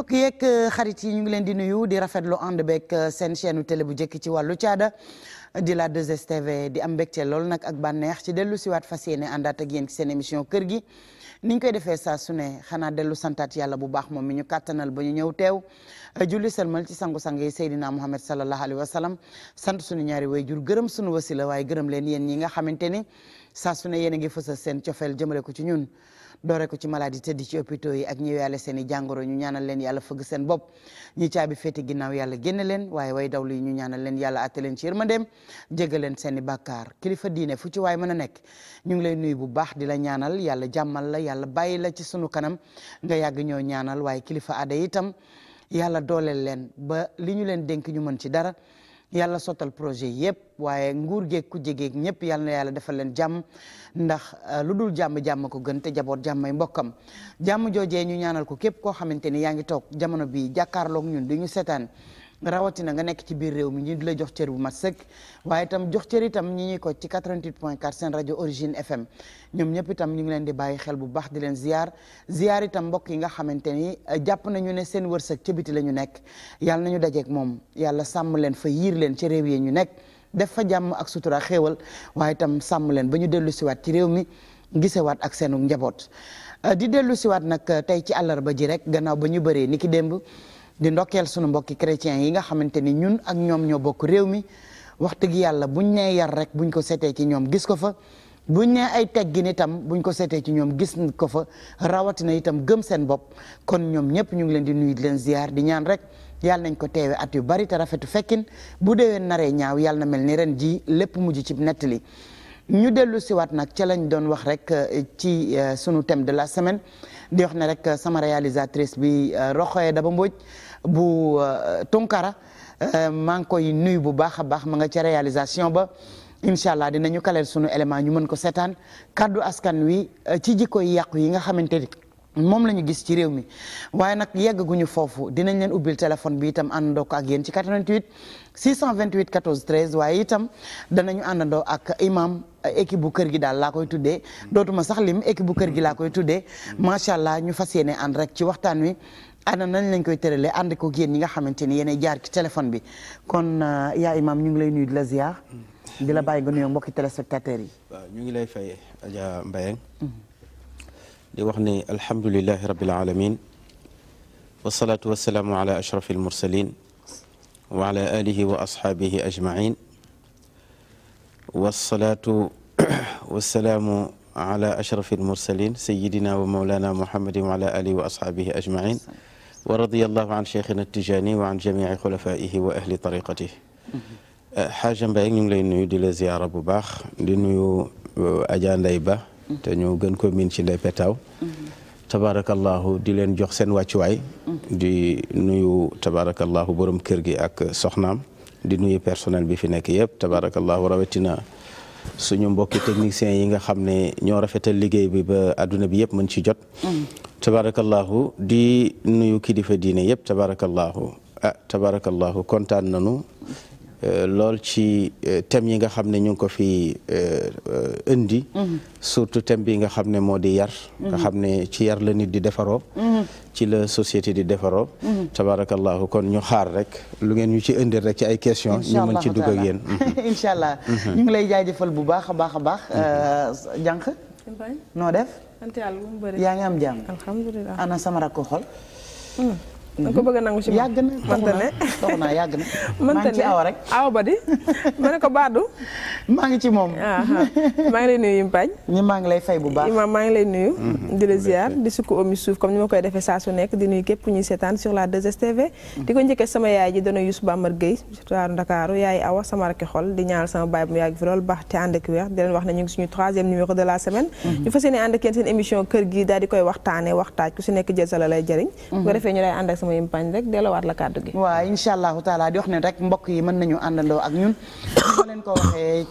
mbokk yeeg euh, xarit yi ñu ngi leen di nuyu di rafetlu ànd beeg euh, seen chaîne télé bu njëkk ci wàllu caada di la 2STV di am mbégte lool nag ak bànneex ci dellu siwaat fas yéene àndaat ak yéen ci seen émission kër gi ni ñu koy defee saa su ne xanaa dellu santaat yàlla bu baax moom mi ñu kàttanal ba ñu ñëw teew euh, julli salmal ci sangu-sang yi Seydina Muhammad sallallahu alayhi wa sallam sant suñu ñaari waajur gërëm suñu wasila waaye gërëm leen yéen ñi nga xamante ni saa ne yéen a ngi fësal seen cofeel jëmale ko ci ñun doore ko ci maladi maladie tëdd ci hôpitaux yi ak ñi yàlla seen i jàngoro ñu ñaanal leen yàlla fëgg seen bopp ñi caabi féete ginnaaw yàlla génne leen waaye way dawlu yi ñu ñaanal leen yàlla atte leen ci yërmandeem jégal leen seen i bàkkaar kilifa diine fu ci waay mën a nekk ñu ngi lay nuyu bu baax di la ñaanal yàlla jàmmal la yàlla bàyyi la ci sunu kanam nga yàgg ñoo ñaanal waaye kilifa ada itam yàlla dooleel leen ba li ñu leen dénk ñu mën ci dara yàlla sottal projet yëpp waaye nguur geeg ku jegeeg ñëpp yàlla na yàlla defal leen jàmm ndax euh, lu dul jàmm jàmm ko gën te jaboot jàmmay mbokkam jàmm joojee ñu ñaanal ko képp koo xamante ni yaa ngi toog jamono bi jàkkaarloog ñun di ñu seetaan rawatina nga nekk ci biir réew mi ñi di la jox cër bu mat sëkk waaye itam jox cër itam ñi ñuy ko ci 88 point 4 seen rajo origine FM ñoom ñëpp itam ñu ngi leen di bàyyi xel bu baax di leen ziar ziar itam mbokk yi nga xamante ni eh, jàpp nañu ne seen wërsëg ca biti la ñu nekk yàlla nañu dajeek moom yàlla sàmm leen fa yiir leen ci réew yi ñu nekk def fa jàmm ak sutura xéewal waaye itam sàmm leen ba ñu dellu siwaat ci réew mi gisewaat ak seenu njaboot eh, di dellu siwaat nag eh, tey ci àllarba ji rek gannaaw ba ñu bëree ni ki démb di ndokkeel sunu mbokki chrétiens yi nga xamante ni ñun ak ñoom ñoo bokk réew mi wax dëgg yàlla buñ nee yar rek buñ ko seetee ci ñoom gis ko fa buñ nee ay teggin itam buñ ko seetee ci ñoom gis ko fa rawatina itam gëm seen bopp kon ñoom ñëpp ñu ngi leen di nuyu di leen ziar di ñaan rek yàlla nañ ko teewe at yu bari te rafetu fekkin bu deewee naree ñaaw yàlla na mel ni ren ji lépp mujj ci nettali ñu dellu siwaat nag ca lañ doon wax rek eh, ci eh, sunu thème de la semaine di wax ne rek eh, sama réalisatrice bi Roxoye Daba Mbodj bu euh, Tunkara euh, maa ngi koy nuyu bu baax a baax ma nga ca réalisation ba incha allah dinañu kaleel sunu élément ñu mën ko seetaan kàddu askan wi euh, ci jikko yi yàqu yi nga xamante ni moom la ñu gis ci réew mi waaye nag yeggaguñu foofu dinañ leen ubbil téléphone bi itam àndandoo ko ak ci 88 628 14 13 waaye itam danañu àndandoo ak imam équipe bu kër gi daal laa koy tuddee dootuma sax lim équipe bu kër gi laa koy tuddee macha allah ñu fas yéene ànd rek ci waxtaan wi. ana nañ lañ koy tëralee ànd ko yéen ñi nga xamante ni yéenay jaar ci téléphone bi kon euh, yaa imam ñu ngi lay nuyu di la ziar. Mm. di la bàyyi nga nuyoo mbokki téléspectateurs yi. waaw ñu ngi lay fay Adja Mbayang mm-hmm. di wax ne alhamdulilahi rabbil alamin wasalaatu wasalaamu ala ashrafil mursalin wa ala alihi wa ashaabihi ajmain wasalaatu wasalaamu ala ashrafil mursalin sayidina wa maulana muhammadin wa ala alihi wa ashaabihi ajmain wa radiyallahu an cheikhina tijani wa an jamii xulafaihi wa ahli tariqatihi xaaja Mbaye ñu ngi lay nuyu di la ziyaara bu baax di nuyu Adja Ndey Ba te ñu gën ko miin ci Ndey Petaaw tabarakallahu di leen jox seen wàccuwaay di nuyu tabarakallahu borom kër gi ak soxnaam di nuyu personnel bi fi nekk yëpp tabarakallahu rawatina suñu mbokki techniciens yi nga xam ne ñoo rafetal liggéey bi ba adduna bi yëpp mën ci jot mm. tabarakallahu di nuyu kilifa diine yëpp a ah tabarakallahu kontaan nanu Euh, lool ci euh, thème yi nga xam ne ñu ngi ko fi euh, indi. Mhm. surtout thème bi nga xam ne moo di yar. Mhm. nga xam ne ci yar la nit di defaroo. Mhm. ci la société di defaroo. tabarakallahu kon ñu xaar rek lu ngeen ñu ci indi rek ci ay question ñu mën ci dugg ak yéen. incha allah ñu ngi lay jaajëfal bu baax a baax a baax. jànq noo def. sant yàlla bu mu bëri yaa ngi am ana sama rakk xol. Hmm. nga ko bëgg a nangu si yàgg ci awa rek awa ba di ma ne ko baadu maa ngi ci moom ah, ah. maa ngi lay nuyu mhm. di la ziar di sukk omi suuf comme ni ma koy defee saa su nekk di nuyu képp ñuy seetaan sur la 2STV mhm. di ko njëkkee sama yaay ji dana Youssou Bambar Gueye surtout Ndakaaru yaay awa sama rakki xol di ñaanal sama baay bu mu yàgg fi lool baax te ànd ak wér di leen wax ne ngi suñu troisième numéro de la semaine mhm. ñu fas yéene ànd ak seen émission kër gi daal di koy waxtaane waxtaaj ku si la sama yimpañ rek delluwaat la kàddu gi waaw incha allahu taala di wax ne rek mbokk yi mën nañu àndandoo ak ñun euh,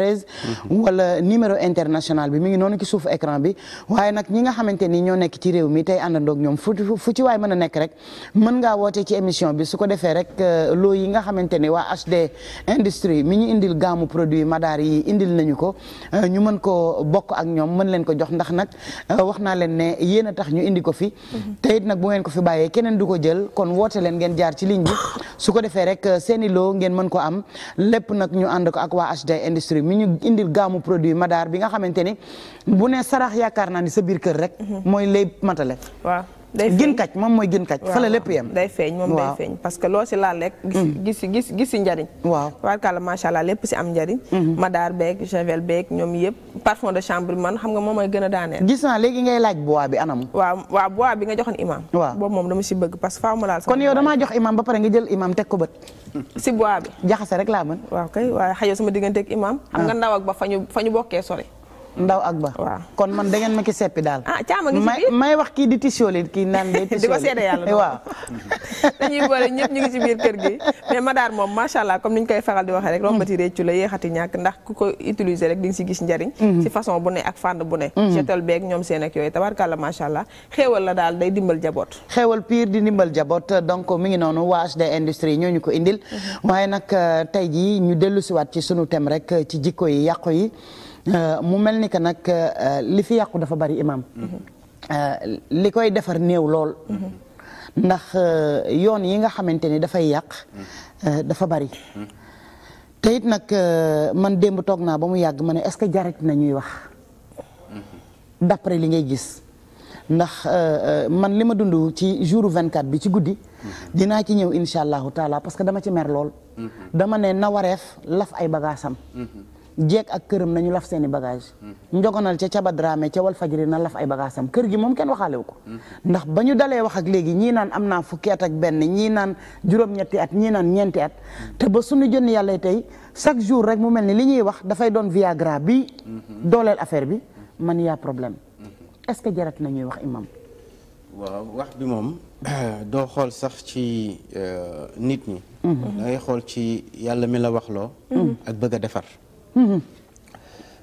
euh, mhm. wala numéro international bi mi ngi noonu ci suufu écran bi waaye nag ñi nga xamante ni ñoo nekk ci réew mi tey àndandoog ñoom fu fu ci waay mën a nekk rek mën ngaa woote ci émission bi su ko defee rek euh, loo yi nga xamante ni waa HD industrie mi ñu indil gaamu produit madaar yi indil nañu ko ñu mën ko bokk ak ñoom mën leen ko jox ndax nag wax leen ne yéen tax ñu indi ko fi te it nag bu ngeen ko fi bàyyee keneen du ko jël kon woote leen ngeen jaar ci ligne bi su ko defee rek euh, seeni loo ngeen mën ko am lépp nag ñu ànd ko ak waa HD industrie mi ñu indil gaamu produit Madaar bi nga xamante ni bu nee sarax yaakaar naa ni sa biir kër rek mm-hmm. mooy lay matale waaw day feeñ gin kàcc moom mooy gin kàcc. fële lépp yem day feeñ moom day feeñ. parce que loo si laal rek. gis mm. gis gis si njariñ. waaw tubaarkàlla macha allah lépp si am njariñ. Mm-hmm. madaar beeg javel beeg ñoom yëpp. parfum de chambre man xam nga moom mooy gën a daaneel. gis naa léegi ngay laaj bois bi anam. waaw waaw bois bi nga joxoon imam. waaw boobu si bëgg parce que ma laal. kon yow damaa jox imam ba pare nga jël imam teg ko bët. si bois bi jaxase rek laa mën. waaw kay waaye xajoo sama digganteeg imam. xam nga ah. ndaw ak ba fa ñu fa ñu bokkee sori ndaw ak ba waaw kon man da ngeen ma ki seppi daal. ah caama ngi ci biir may wax kii di tisooli kii naan day tisooli di waaw. dañuy boole ñëpp ñu ngi ci biir kër gi mais daar moom macha allah comme ni ñu koy faral di waxee rek. Mm. rombati réccu la yéexati ñàkk ndax ku ko utiliser rek di nga si gis njariñ. ci mm-hmm. façon bu ne ak fànn bu ne. Mm-hmm. seetal beeg ñoom seen ak yooyu tabarkàlla macha allah xéewal la daal day dimbal jaboot. xéewal pire di dimbal jaboot donc mi ngi noonu waa HD industrie ñoo ñu ko indil. Mm-hmm. waaye nag euh, tey jii ñu dellusiwaat ci sunu thème rek ci jikko yi yàqu yi Euh, mu mel ni que nag euh, li fi yàqu dafa bari imam mm-hmm. euh, li koy defar néew lool mm-hmm. ndax yoon yi nga xamante ni dafay yàq mm-hmm. dafa bari te it nag man démb toog naa ba mu yàgg ma ne est-ce que jarit na ñuy wax d'après li ngay gis ndax man li ma dund ci jour 24 bi ci guddi dinaa ci ñëw incha allahu taala parce que dama ci mer lool dama ne na laf ay bagaasam jeeg ak këram nañu laf seen i bagage njogonal ca caba dramé ca wal fajri na laf ay bagage am kër gi moom kenn waxaalewu ko ndax ba ñu dalee wax ak léegi ñii naan am naa fukki at ak benn ñii naan juróom-ñetti at ñii naan ñeenti at te ba suñu jën yàlla tey chaque jour rek mu mel ni li ñuy wax dafay doon viagra bi dooleel affaire bi man yaa problème est-ce que jarat nañuy wax imam waaw wax bi moom doo xool sax ci euh, nit ñi mhm. dangay xool ci yàlla mi la waxloo mhm. ak bëgg a defar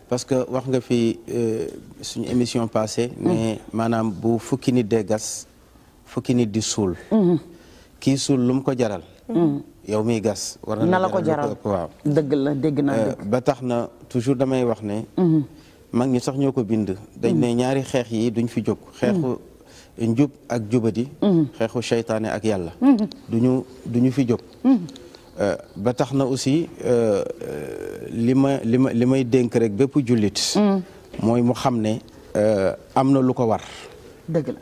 parce que wax nga fi euh, suñu émission passée. mais maanaam bu fukki nit dee gas fukki nit di suul. kii suul lum ko jaral. yow miy gas. war na la ko jaral waaw dëgg la dégg euh, ba tax na toujours damay wax ne. mag ñi sax ñoo ko bind. dañ ne ñaari xeex yi duñ fi jóg. xeexu njub ak jubadi. xeexu seytaane ak yàlla. Mm-hmm. duñu fi jóg. Euh, ba tax na aussi. li ma li li may dénk rek bépp jullit. Mm. mooy mu xam ne euh, am na lu ko war. dëgg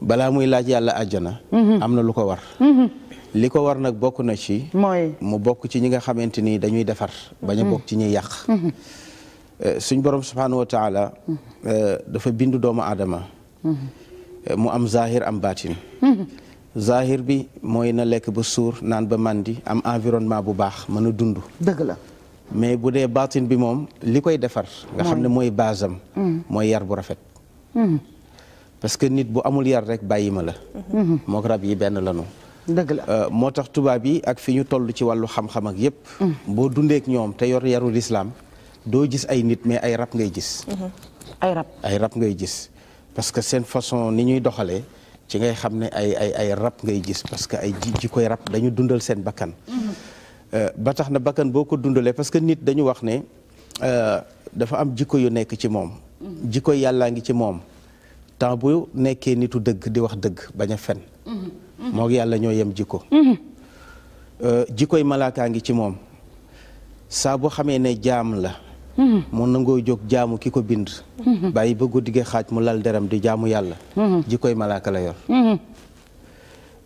balaa muy laaj yàlla àjjana. Mm-hmm. am na lu ko war. Mm-hmm. li ko war nag bokk na ci. mooy mu bokk ci ñi nga xamante ni dañuy defar. bañ a mm-hmm. bokk ci ñuy yàq. Euh, suñ borom subhaanahu wa euh, dafa bindu doomu aadama. mu am zahir am baatin. zahir bi mooy na lekk ba suur naan ba màndi am environnement bu baax mën a dund. dëgg mais bu dee baatin bi moom li koy defar nga xam ne mooy base mm. mooy yar bu rafet mm. parce que nit bu amul yar rek bàyyi ma la mm-hmm. mook rab yi benn lanu dëgg la euh, moo tax tubaab yi ak fi ñu toll ci wàllu xam-xam ak yépp mm. boo dundeek ñoom te yor yaru lislaam doo gis ay nit mais ay rab ngay gis mm-hmm. ay rab rab ngay gis parce que seen façon ni ñuy doxalee ci ngay xam ne ay ay ay rab ngay gis parce que ay ji ji koy rab dañu dundal seen bakkan mm-hmm. ba tax na bakkan boo ko dundalee parce que nit dañu wax ne euh, dafa am jikko yu nekk ci moom. jikko yàllaa ngi ci moom temps bu nekkee nitu dëgg di wax dëgg bañ a fen. moo yàlla ñoo yem jikko. Euh, jikkoy malaakaa ngi ci moom saa boo xamee ne jaam la. mu nangoo jóg jaamu ki ko bind. bàyyi ba guddi gi xaaj mu lal deram di jaamu yàlla. jikkoy malaaka la yor.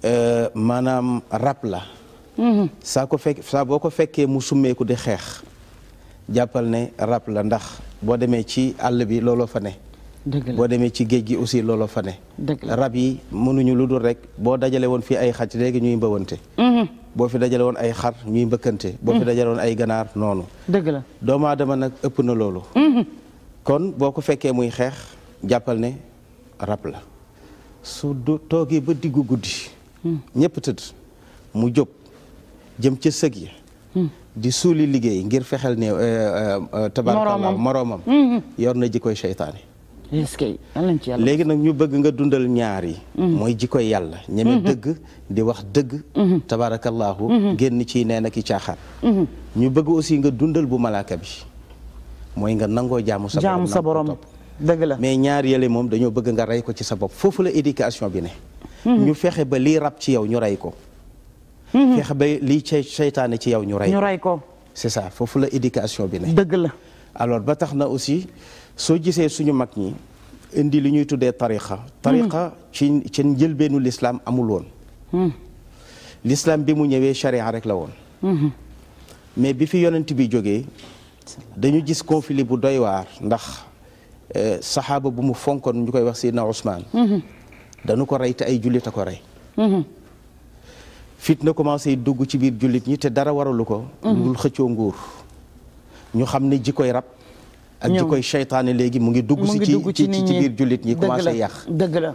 Euh, maanaam rab la. Mhm. saa ko fekk saa boo ko fekkee mu summeeku di xeex jàppal ne rab la ndax boo demee ci àll bi looloo fa ne boo demee ci géej gi aussi looloo fa ne rab yi mënuñu lu dul rek boo dajale woon fii ay xaj léegi ñuy mbëwante mhm. boo fi dajale woon ay xar ñuy mbëkkante boo fi mhm. dajale ay ganaar noonu dëgg la doomu aadama nag ëpp na loolu kon boo ko fekkee muy xeex jàppal ne rab la su toogee ba diggu guddi ñëpp tëdd mu jóg jëm ca sëg yi hmm. di suuli liggéey ngir fexeel ne eh, eh, eh, tabaarkalla moroomam hmm. yor na jikkoy seytaane léegi nag ñu bëgg nga dundal ñaar yi hmm. mooy jikkoy yàlla ñeme dëgg di wax dëgg tabaarakallaahu génn ci neen ak caaxaan ñu bëgg aussi nga dundal bu malaaka bi mooy nga nangoo jaamu sa jaamu sa dëgg la mais ñaar yële moom dañoo bëgg nga rey ko ci sa bopp foofu la éducation bi ne ñu fexe ba lii rab ci yow ñu rey ko Mhm. fexe ba lii cey seytaane ci yow ñu rey ñu rey ko c'est ça foofu la éducation bi ne dëgg la alors ba tax na aussi soo gisee suñu mag ñi indi lu ñuy tuddee tariqa tariqa mhm. ci ci njëlbeenu lislaam amul woon mhm. l'islam bi mu ñëwee charia rek la woon mais bi fi yonent bi jógee dañu gis conflit bu doy waar ndax euh, saxaaba bu mu fonkoon ñu koy wax Seydina Ousmane dañu ko rey te ay jullit a ko rey fitna commencé dugg ci biir jullit ñi te dara waralu ko. Mhm. lul xëccoo nguur. ñu xam ne jikkoy rab. ak koy seytaane léegi mu ngi dugg si ci ci ci biir jullit ñi commencé yàq. dëgg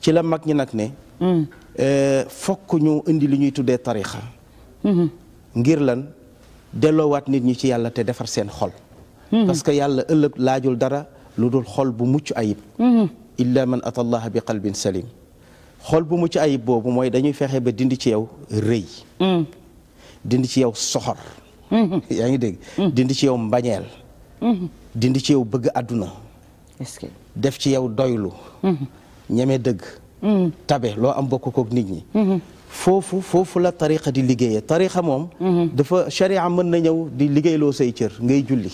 ci la mag ñi nag ne. Mm. Euh, fokk ñu indi lu ñuy tuddee tarixa mm-hmm. ngir lan delloowaat nit ñi ci yàlla te defar seen xol. Mm-hmm. parce que yàlla ëllëg laajul dara lu dul xol bu mucc ayib. Mm-hmm. illa man ata allaha bi qalbin salim. xol bu mucc ayib boobu mooy dañuy fexe ba dindi ci yow rëy. Mm. dindi ci yaw soxor. Mm-hmm. yaa ngi dégg. Mm. dindi ci yow mbañeel. Mm-hmm. dindi ci yow bëgg àdduna. def ci yow doylu. Mm-hmm. ñeme dëgg. tabe loo am bokk kook nit ñi. foofu foofu la tariqa di liggéeyee tariqa moom. dafa sharia mën na ñëw di liggéeyloo say cër ngay julli.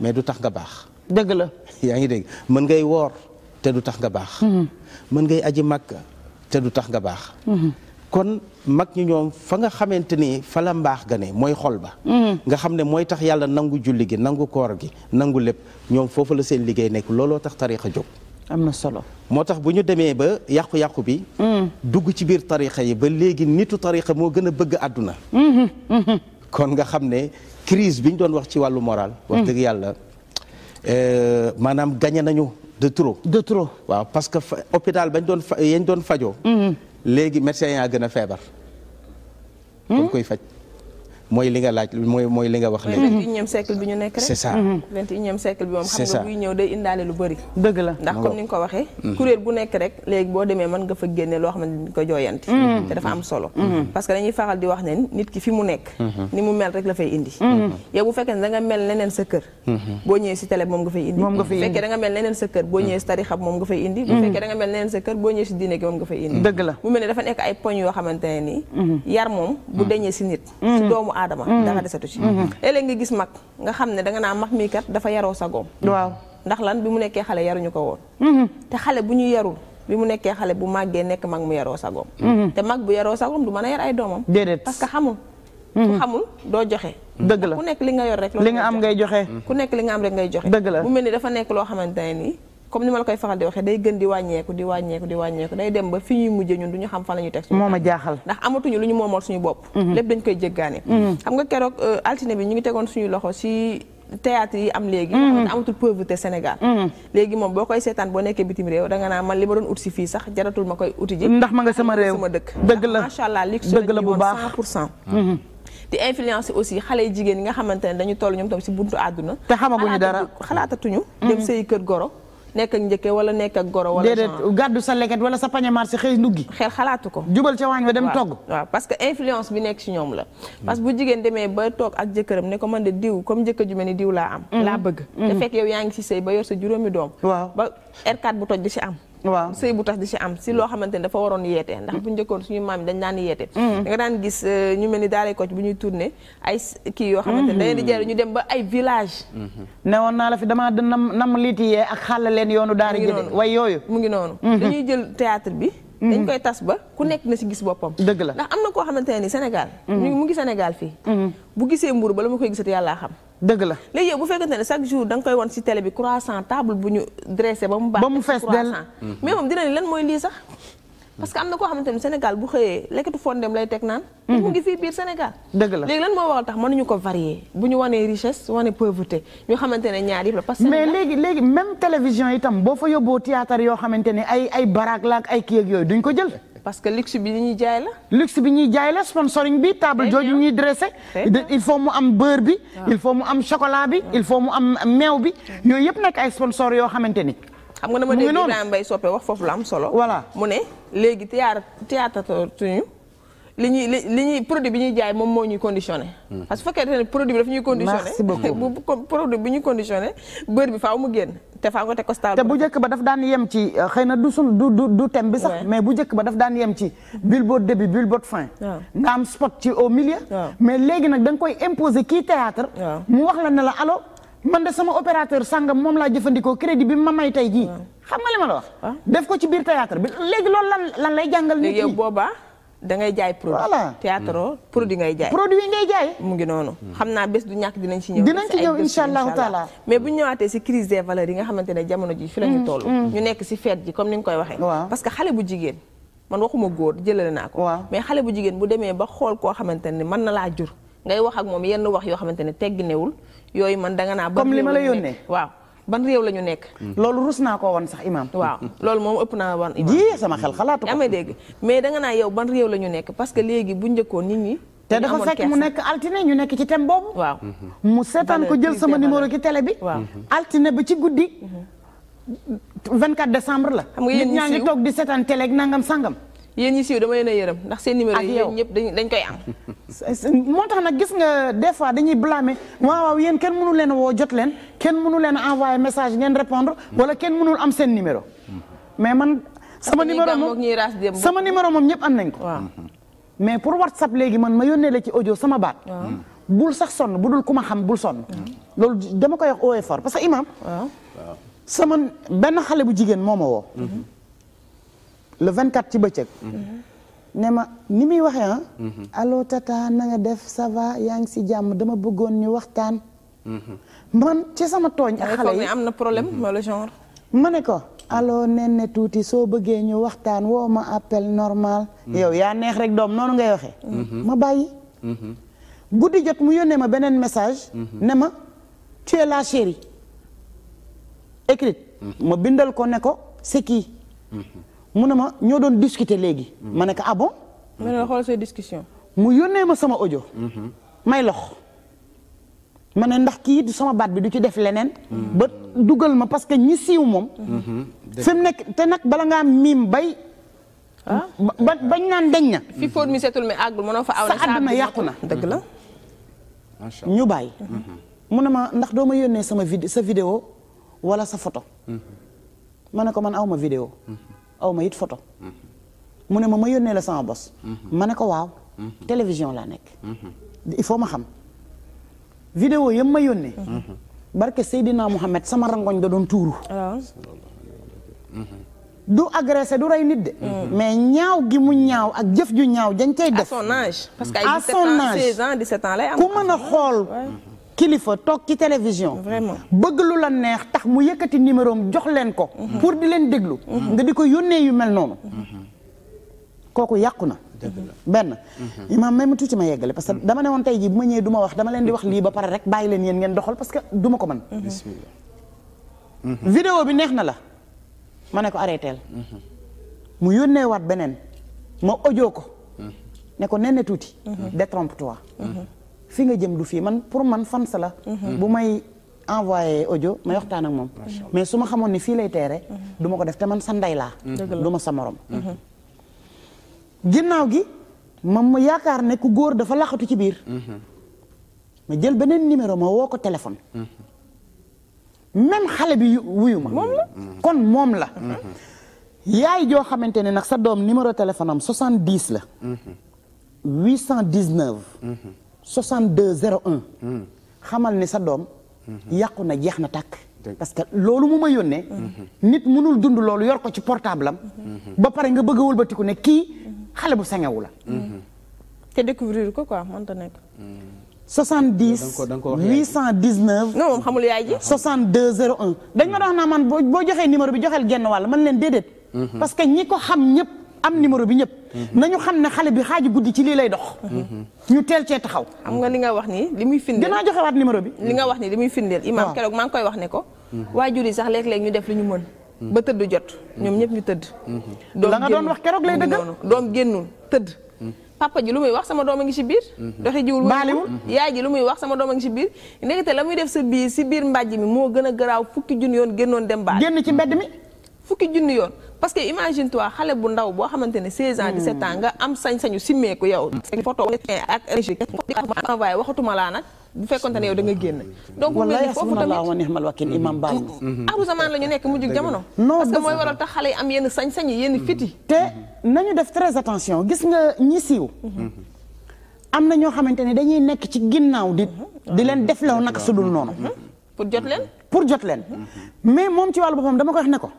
mais du tax nga baax. dëgg la yaa ngi dégg mën ngay woor te du tax nga baax. mën ngay aji màkka. te du tax nga baax mhm. kon mag ñi ñoom fa nga xamante ni fa la mbaax ga ne mooy xol ba mhm. nga xam ne mooy tax yàlla nangu julli gi nangu koor gi nangu lépp ñoom foofu la seen liggéey nekk looloo tax tarixa jóg am na solo moo tax bu ñu demee ba yàqu-yàqu bi mhm. dugg ci biir tarixa yi ba léegi nitu tarixa moo gën a bëgg àdduna kon nga xam ne crise bi ñu doon wax ci wàllu moral wax yàlla Euh, maanaam gagné nañu de trop. de trop waaw parce que hôpital bañ doon fa yañ doon fajo mm-hmm. léegi médecins yaa gën a feebar. dañ hmm? koy faj. mooy li nga laaj mooy mooy li nga wax léegi. vingt et unième siècle bi ñu nekk rek. c'est ça mhm. vingt et unième bi moom nga la ndax comme ko mhm. nekk rek boo demee mën nga fa génne loo xam ne dañ ko jooyanti. Mhm. te dafa am solo. parce que dañuy nit ki fi mu nekk. ni mu mel rek la fay indi. yow bu fekkee ne da nga mel neneen sa kër. boo ñëwee si télé moom nga fay indi. moom nga fay indi bu fekkee da nga mel neneen sa kër boo ñëwee si tarixa diine gi moom nga fay indi. dëgg la mu mel ne dafa nekk ay poñ yoo xamante nii. yar moom bu deñee si nit. si doomu aadama mm-hmm. dara desatu ci mm-hmm. léeg-léeg nga gis mag nga xam ne danga naa mag mii kat dafa yaroo sagoom waaw ndax lan bi mu nekkee xale yaruñu ko woon mm-hmm. te xale bu ñu yarul bi mu nekkee xale bu màggee nekk mag mu yaroo sagoom te mag bu yaroo sagoom du mën a yar ay doomam déedéet xamul ku xamul doo joxe dëgg la ku nekk li nga yor rek li nga am ngay joxe ku nekk li nga am rek ngay joxe dëgg la mu mel ni dafa nekk loo xamante nii comme ni ma la koy faral di waxee day gën di wàññeeku di wàññeeku di wàññeeku day dem ba fi ñuy mujjee ñun du ñu xam fan la ñuy teg suñu moo ma jaaxal ndax amatuñu lu ñu moomool suñu bopp mhm. lépp dañ koy jéggaane mhm. xam nga keroog euh, altine bi ñu ngi tegoon suñu loxo si théâtre yi am léegi mhm. amatul pauvreté Sénégal léegi moom boo koy seetaan boo nekkee bitim réew da nga naa man li ma doon ut si fii sax jaratul ma koy uti ji ndax ma nga sama réew sama dëkk dëgg la macha allah luxe dëgg la bu baax 100 pour cent di aussi xale yi jigéen yi nga xamante ne dañu toll ñoom tam si buntu àdduna te xamaguñu dara xalaatatuñu dem say kër goro nekk ak njëkke wala nekk ak goro wala gàddu sa leget wala sa pañe marché xëy nduggi xel xalaatu ko jubal ca waañ wa dem togg waaw parce que influence bi nekk ci ñoom la parce que bu jigéen demee ba toog ak jëkkëram ne ko man de diw comme jëkk ju mel ni diw laa am mhm. laa bëgg te mhm. fekk yow yaa ngi ci sëy ba yor sa juróomi doom waaw ba R4 bu toj di ci am waaw sëy bu tas di si am si loo xamante ni dafa waroon yeete ndax bu njëkkoon suñu maam yi dañ daan yeete mm. da daan gis euh, ñu mel ni daaray Kocc bu ñuy tourné ay kii yoo xamante ni mm-hmm. dañuy di jël ñu dem ba ay village mm-hmm. ne woon naa la fi damaa da nam nam liitiyee ak xàll leen yoonu daara jëde way yooyu mu ngi noonu mm-hmm. dañuy jël théâtre bi dañ koy tas ba ku nekk na si gis boppam dëgg la ndax am na koo xamante ne ni Sénégal mu ngi Sénégal fii bu gisee mburu bala ma koy gisati yàllaa xam dëgg la léegi yow bu fekkente ne chaque jour danga koy wan ci télé bi croissant table bu ñu dressé ba mu baax ba mu fees dell mais moom dina ni lan mooy lii sax parce que am na ko xamante ni Sénégal bu xëyee lekkitu fondem lay teg naan mhm. mu ngi fii biir Sénégal dëgg la léegi lan moo waral tax man mënuñu ko varier bu ñu wanee richesse wane pauvreté ñu xamante ne ñaar yëpp la parce que mais léegi léegi même télévision itam boo fa yóbboo théâtre yoo xamante ne ay ay baraak laak ay kii ak yooyu duñ ko jël parce que luxe bi ñuy jaay la. luxe bi ñuy jaay la sponsoring bi table jooju ñuy dressé. il faut mu am beurre bi. Ah. il faut mu am chocolat bi. Ah. il faut mu am meew bi. yooyu yëpp nekk ay sponsor yoo xamante ni. xam nga dama dégg Ibrahima Mbaye Sopé wax foofu la am solo. voilà mu ne léegi théâtre théâtre tuñu li ñuy li ñuy produit bi ñuy jaay moom moo ñuy conditionné. Hmm. parce que bu fekkee ne produit bi daf ñuy conditionné. merci beaucoup hmm. bu produit bi ñuy conditionné beurre bi faaw mu génn te faaw nga teg ko stable. te bu njëkk ba daf daan yem ci euh, xëy na du sun du du thème bi sax. mais bu njëkk ba daf daan yem ci. billboard début billboard fin. nga am spot ci au milieu. mais léegi nag da koy imposer kii théâtre mu wax la ne la allo. man de sama opérateur sàngam moom laa jëfandikoo crédit bi ma may tey jii. xam nga li ma la wax. Ah. def ko ci biir théâtre bi léegi loolu lan lan lay jàngal. nit yi boobaa. da ngay jaay produit. voilà théâtre hmm. produit ngay jaay. ngay jaay. mu ngi noonu. Hmm. xam naa bés du ñàkk dinañ ci ñëw. dinañ ci ñëw incha allahu taala mais bu ñu ñëwaatee si crise des valeurs yi nga xamante ne jamono ji fi la ñu hmm. ñu nekk si fête ji comme ni nga koy waxee. parce que xale bu jigéen. man waxuma góor jëlale naa ko. mais xale bu jigéen bu demee ba xool koo xamante ne mën na laa jur. ngay wax ak moom yenn wax yoo xamante ne tegginewul yooyu man danga naa. comme li ma la yónnee waaw ban réew la ñu nekk. Mm-hmm. loolu rus naa ko wan sax imaam. waaw loolu moom ëpp naa wan imaam. jii sama xel xalaatu ko. amee dégg mais danga naa yow ban réew la ñu nekk parce que léegi bu njëkkoon nit ñi. te dafa fekk mu nekk altine ñu nekk ci thème boobu. waaw mm-hmm. mu seetaan ko jël sama numéro ci télé bi. waaw mm-hmm. altine ba ci guddi. 24 décembre la. xam nga yéen ñaa ngi toog di seetaan télé nangam sangam. yéen ñi siiw dama leen a yërëm ndax seen numéro yi yéen ñëpp dañ koy am moo tax nag gis nga des fois dañuy blâmer waaw waaw yéen kenn mënu leen woo jot leen kenn mënu leen envoyé message ngeen répondre wala kenn mënul am seen numéro mais man sama numéro moom sama numéro moom ñëpp am nañ ko mais pour WhatsApp léegi man ma yónnee la ci audio sama baat bul sax sonn bu dul ku ma xam bul sonn loolu dama koy wax au effort parce que imam sama benn xale bu jigéen moo ma woo mhm. le quatre ci bëccëg. Mhm. ne ma ni muy waxee ah. Mhm. allo tata na def ça va yaa ngi si jàmm dama bëggoon ñu waxtaan. Mhm. man ci sama tooñ. ak xale yi na problème wala ma ne ko allo nen ne tuuti soo bëggee ñu waxtaan woo ma appel normal. yow yaa neex rek doom noonu ngay waxee. ma bàyyi. guddi jot mu yónnee ma beneen message. ne ma tu la chérie écrite. ma bindal ko ne ko c'est mu ne ma ñoo doon discuter léegi. ma ne ko ah bon. ma ne xool say discussion. mu yónnee ma sama ojo may lox ma ne ndax kii it sama baat bi du ci def leneen. ba dugal ma parce que ñi siiw moom. fi mu nekk te nag bala ngaa miim bay. Ah? ba bañ naan deñ na. fi mi setul mi àggul mënoo fa na yàqu na dëgg la. ñu bàyyi. mu ne ma ndax doo ma yónnee sama vid sa vidéo wala sa photo. Mhm. ma ne ko man aw ma vidéo. aw ma it photo mu ne ma ma yónnee la sama bos ma ne ko waaw télévision laa nekk il faut ma xam vidéo yëpp ma yónnee barke Seydina Mouhamed sama rangoñ da doon tuuru du agressé du rey nit de. mais ñaaw gi mu ñaaw ak jëf ju ñaaw dañ cay def à son que ku mën a xool kilifa toog ci télévision. vraiment bëgg lu la neex tax mu yëkkati numéro am jox leen ko. pour di leen déglu. nga di ko yónnee yu mel noonu. kooku yàqu na. benn. imaam mhm. may ma tuuti ma yeggale parce que mhm. dama ne woon tey jii ma ñëwee du ma wax dama leen di rek bàyyi leen yéen ngeen doxal parce que du ko mën. Mhm. bismillah. bi neex na la. ma ne ko arrêté mu yónnee waat beneen ma audio ko. ne ko nee na tuuti. détrompe-toi. fi nga jëm du fii man pour man fan sa la mhm. bu may envoyé audio may waxtaan ak moom mais su ma xamoon ni fii lay teere mhm. du ma ko def te man sa ndey laa mhm. du ma sa morom ginnaaw gi ma ma yaakaar ne ku góor dafa laxatu ci biir ma jël beneen numéro ma woo ko téléphone même xale bi wuyu ma moom la kon moom la yaay joo xamante ne nag sa doom numéro téléphone am soixante-dix la 62 01. xamal ne sa doom. yàqu na jeex na tàkk. parce que loolu mu ma yónnee. nit mënul dund loolu yor ko ci portable am. ba pare nga bëgg a wëlbatiku ne kii xale bu sangewu la. te découvrir ko quoi mënta nekk. 70 819. non moom xamul yaay ji. 62 01. dañ ma doon wax naa man boo boo joxee numéro bi joxeel genn wàll man leen déedéet. Mhm. parce que ñi ko xam ñëpp. am numéro bi ñëpp. nañu xam ne xale bi xaaju guddi ci lii lay dox. ñu teel cee taxaw. am nga li nga wax ni li muy findeel dinaa joxewaat numéro bi. li nga wax ni li muy findeel hmm. imaam keroog maa ngi koy wax ne ko. waajur yi sax léeg-léeg ñu def li ñu mën. ba tëdd jot. ñoom ñëpp ñu tëdd. Hmm. la nga doon wax keroog lay dëgg doom génnul tëdd. Hmm. papa ji lu muy wax sama doom a ngi ci biir. doxi jiwul baaliwul yaay ji lu muy wax sama doom a ngi ci biir léegi te la muy def sa biir si biir mbàjj mi moo gën a garaaw fukki junni yoon génnoon dem baal. génn ci mbedd mi fukki junni yoon parce que imagine toi xale bu ndaw boo xamante ne 16 ans 17 ans nga am sañ-sañu simmeeku yow. photo ak énergie waxatuma laa nag bu fekkonte ne yow da nga génn. donc mu mel ni foofu tamit wa ni'mal wakiil imam Ba. Mm-hmm. Mm-hmm. abu zaman la am yenn sañ-sañ yi yenn mm-hmm. fiti te nañu def très attention gis nga ñi siiw. am na ñoo xamante ne dañuy nekk ci ginnaaw di di leen defloo nag su dul noonu. pour jot leen. pour jot leen mais moom ci wàllu boppam dama ko wax ne ko.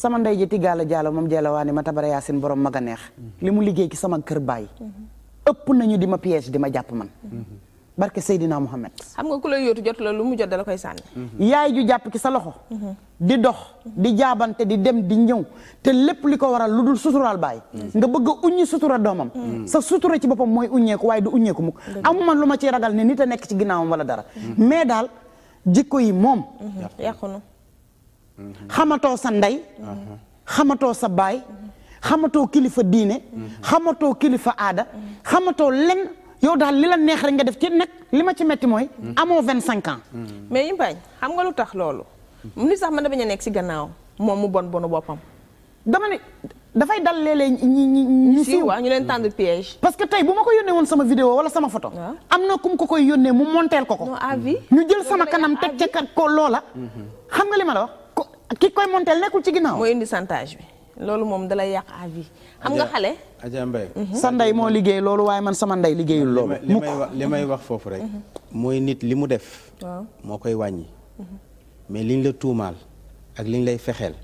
sama ndey ji Tigala jaalo moom Jalle waane ma tabara Yaasin borom ma neex. Mhm. li mu liggéey ci sama kër baay. Mhm. ëpp nañu di ma piège di ma jàpp man. Mhm. barke Seydina Mohamed. xam nga ku lay yóotu jot la lu mu jot koy sànni. yaay ju jàpp ci sa loxo. di dox di jaabante di dem di ñëw te lépp li ko waral lu dul suturaal baay. nga bëgg a uññi sutura doomam. sa sutura ci boppam mooy uññeeku waaye du uññeeku mukk amu man lu ma ci ragal ne nit a nekk ci ginnaawam wala dara. mais daal jikko yi moom. xamatoo sa ndey xamatoo sa baay xamatoo kilifa diine xamatoo kilifa aada xamatoo lenn yow daal li la neex rek nga def ci nag li ma ci metti mooy amoo vingt cinq ans mais yimpaañ xam nga lu tax loolu mu ni sax man dama ñu nekk ci gannaaw moom mu bon bonu boppam dama ne dafay dal léeg ñu ñi ñi ñi siiw ñu leen tendre piège. parce que tey bu ma ko yónnee woon sama video wala sama foto ah. am na ku mu ko koy yónnee mu monteel ko ko. non à ñu jël sama kanam te ca ko loola. Mhm. xam nga li ma la wax. ko ki koy montel nekkul ci ginnaaw. moo indi chantage bi loolu moom da lay yàq à vie. xam nga xale. Mhm. sa ndey moo liggéey loolu waaye man sama ndey liggéeyul loolu. mukk li may wax foofu rek. Mhm. mooy nit li mu def. moo koy wàññi. Mhm. mais liñ la tuumaal ak liñ lay fexeel.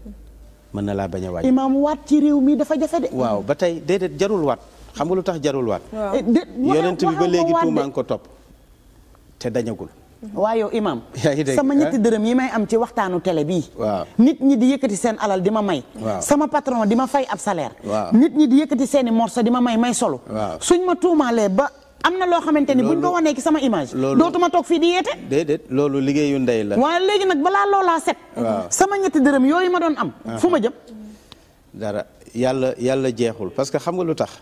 mën na laa bañ a wàññi. imaam waat ci réew mi dafa jafe de. waaw ba tey déedéet jarul waat xam nga lu tax jarul waat. Eh, yonent bi ba léegi tuumaa ngi ko topp te dañagul. Mm-hmm. waaye yow imam sama ñetti ah? dërëm yi may am ci waxtaanu tele bii nit ñi di yëkkati seen alal di ma may sama patron di ma fay ab salaire nit ñi di yëkkati seeni morso di ma may may solo suñ ma tuumaalee ba am na loo xamante ni buñ ko wanee ci sama image dootuma toog fii di yeete déedéet loolu liggéeyu ndey la waaye léegi nag balaa loolaa set sama ñetti dërëm yooyu ma doon am ah. fu ma jëm dara yàlla yàlla jeexul parce que xam nga lu tax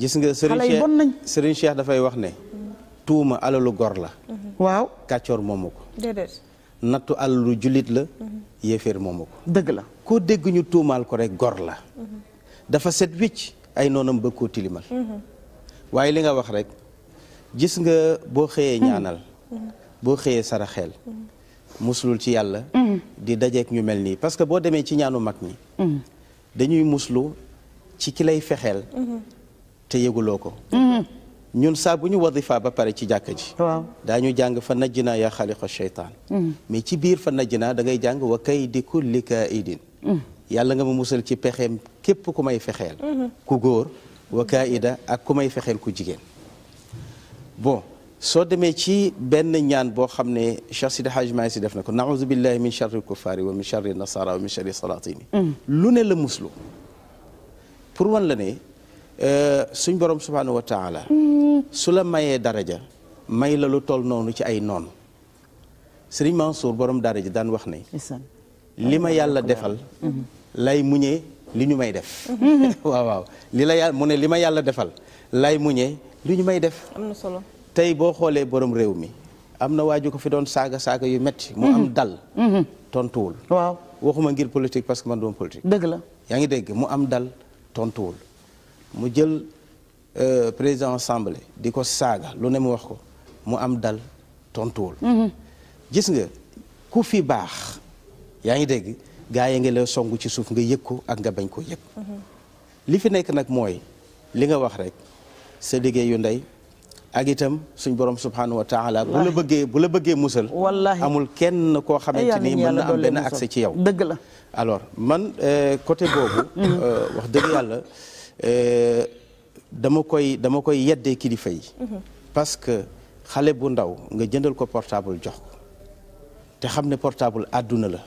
gis nga sëriñ Cheikh sëriñ Cheikh dafay wax ne tuuma alalu gor la. Mhm. waaw kàccoor moomu ko. nattu alalu jullit la. Mhm. yéeféer moomu ko. dëgg la koo dégg ñu tuumaal ko rek gor la. Mhm. dafa set wicc ay noonam bëgg koo tilimal. waaye li nga wax rek gis nga boo xëyee ñaanal. boo xëyee saraxeel. muslul ci yàlla. di dajeek ñu mel nii parce que boo demee ci ñaanu mag ñi. dañuy muslu ci ki lay fexeel. te yëguloo ko. ñun saa bu ñu wadifa ba pare ci jàkka ji daañu jàng fa najjina ya xaliqa sheytaan mm. mais ci biir fa najjina dangay ngay jàng wa kay di kulli kaidin mm. yàlla nga ma musal ci pexeem képp ku may fexeel mm-hmm. ku góor wa kaida ak ku may fexeel ku jigéen bon soo demee ci benn ñaan boo xam ne Cheikh Sidi Hajj si def na ko nauzu billahi min charri kuffari wa min charri nasara wa min charri salatini mm. lu ne la muslu pour wan la ne Euh, suñ borom subhaanahu wa taala mm. su la mayee daraja may la lu toll noonu ci ay noon sëriñ Mansour borom daraja daan wax ne li ma yàlla defal mm-hmm. lay muñee li ñu may def mm-hmm. waaw waaw li la yàlla mu ne li ma yàlla defal lay muñee li ñu may def am solo tey boo xoolee borom réew mi am na waaju ko fi doon saaga saaga yu metti mu am mm-hmm. dal tontuwul waaw waxuma ngir politique parce que man doon politique dëgg la yaa ngi dégg mu am dal tontuwul mu jël euh, président assemblée di ko saaga lu ne mu wax ko mu am dal tontuwul mhm. gis nga ku fi baax yaa ngi dégg gaa yi nga la songu ci suuf nga yëg ko ak nga bañ ko yëg mhm. li fi nekk nag mooy li nga wax rek sa yu ndey ak itam suñ borom subhanahu wa taala bu la bëggee bu la bëggee musal wallahi amul kenn koo xamante ni mën na am benn accès ci yow dëgg la alors man euh, côté boobu mhm. euh, wax dëgg yàlla Euh, dama koy dama koy yeddee kilifa mhm. parce que xale bu ndaw nga jëndal ko portable jox ko te xam ne portable àdduna la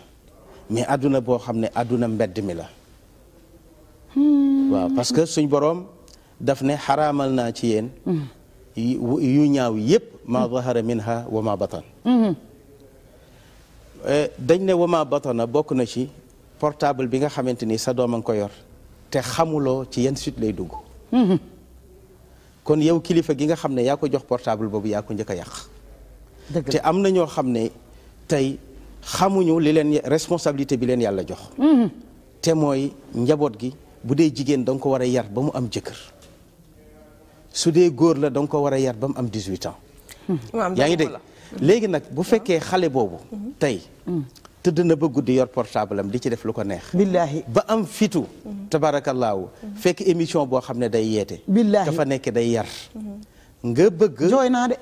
mais adduna boo xam ne àdduna mbedd mi la. Hmm. waaw parce que suñ borom daf ne xaramal naa ci yéen. Hmm. yu ñaaw yëpp ma hmm. zahara minha wa ma batan euh, dañ ne wa ma batana bokk na ci portable bi nga xamante ni sa doom a ngi ko yor. te xamuloo ci yenn suite lay dugg mhm. kon yow kilifa gi nga xam ne yaa ko jox portable boobu yaa ko njëkk a yàq te am na ñoo xam ne tey xamuñu li leen responsabilité bi leen yàlla jox mhm. te mooy njaboot gi bu dee jigéen da ko war a yar ba mu am jëkkër su dee góor la da ko war a yar ba am 18 ans mhm. yaa ngi dégg léegi nag bu fekkee xale boobu tey tëdd na ba guddi yor portable di ci def lu ko neex. billaahi ba am fitu. tabaarakallaahu mm-hmm. fekk émission boo xam ne day yeete. billaahi dafa nekk day yar. Mm-hmm. nga bëgg jooy naa de.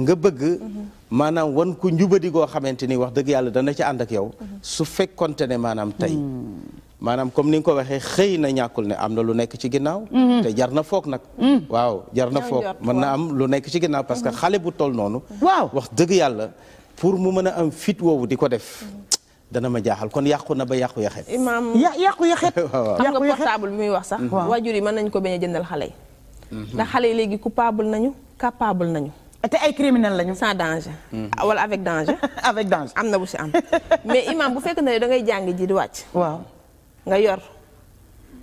nga bëgg mm-hmm. maanaam wan ku njubadi goo xamante ni wax dëgg yàlla dana ci ànd ak yow. su fekkonte ne maanaam tey. Mm. maanaam comme ni nga ko waxee xëy na ñàkkul ne am na lu nekk ci ginnaaw. te jar na fook nag. Mm. waaw jar na foog mën na am lu nekk ci ginnaaw parce que xale bu toll noonu. waaw wax dëgg yàlla. pour mu mën a am fit woowu di ko def. dana ma jaaxal kon yàqu na ba yàqu yaxet. imaam yàqu yaxet. xam nga portable bi muy wax sax. waajur yi mën nañ ko bañ a jëndal xale yi. Mhm. ndax xale yi léegi coupable nañu capable nañu. te ay criminel lañu. sans danger. Mhm. wala avec danger. avec danger am na bu si am mais imaam bu fekk ne da ngay jàng ji di wàcc. waaw nga yor.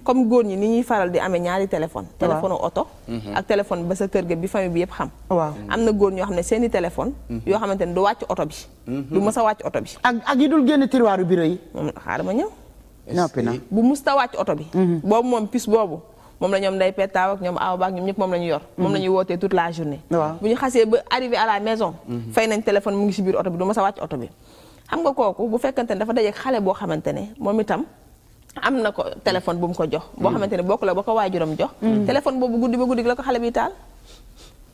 comme góor ñi ni ñuy faral di amee ñaari téléphone téléphone oto mhm. ak téléphone ba sa kër ga bi famille bi yëpp xam waaw am na góor ñoo xam ne seen i mhm. yoo xamante ne du wàcc oto bi mhm. du a wàcc oto bi ak ak yi dul génn ma ñëw noppi na bu mës ta wàcc oto bi boobu moom pis boobu moom la ñoom day pettaaw ak ñoom aw baak ñoom ñëpp moom la ñu yor moom la ñuy wootee toute la journée bu ñu xasee ba arrivé à la maison fay nañ téléphone mu ngi si biir oto bi du mës a wàcc oto bi xam nga kooku bu fekkante ne dafa dajeek xale boo xamante ne moom itam am na ko téléphone bu mu ko jox. boo xamante ne bokk la ba ko waajuram jox. Mm. téléphone boobu guddi ba guddi la ko xale bi taal.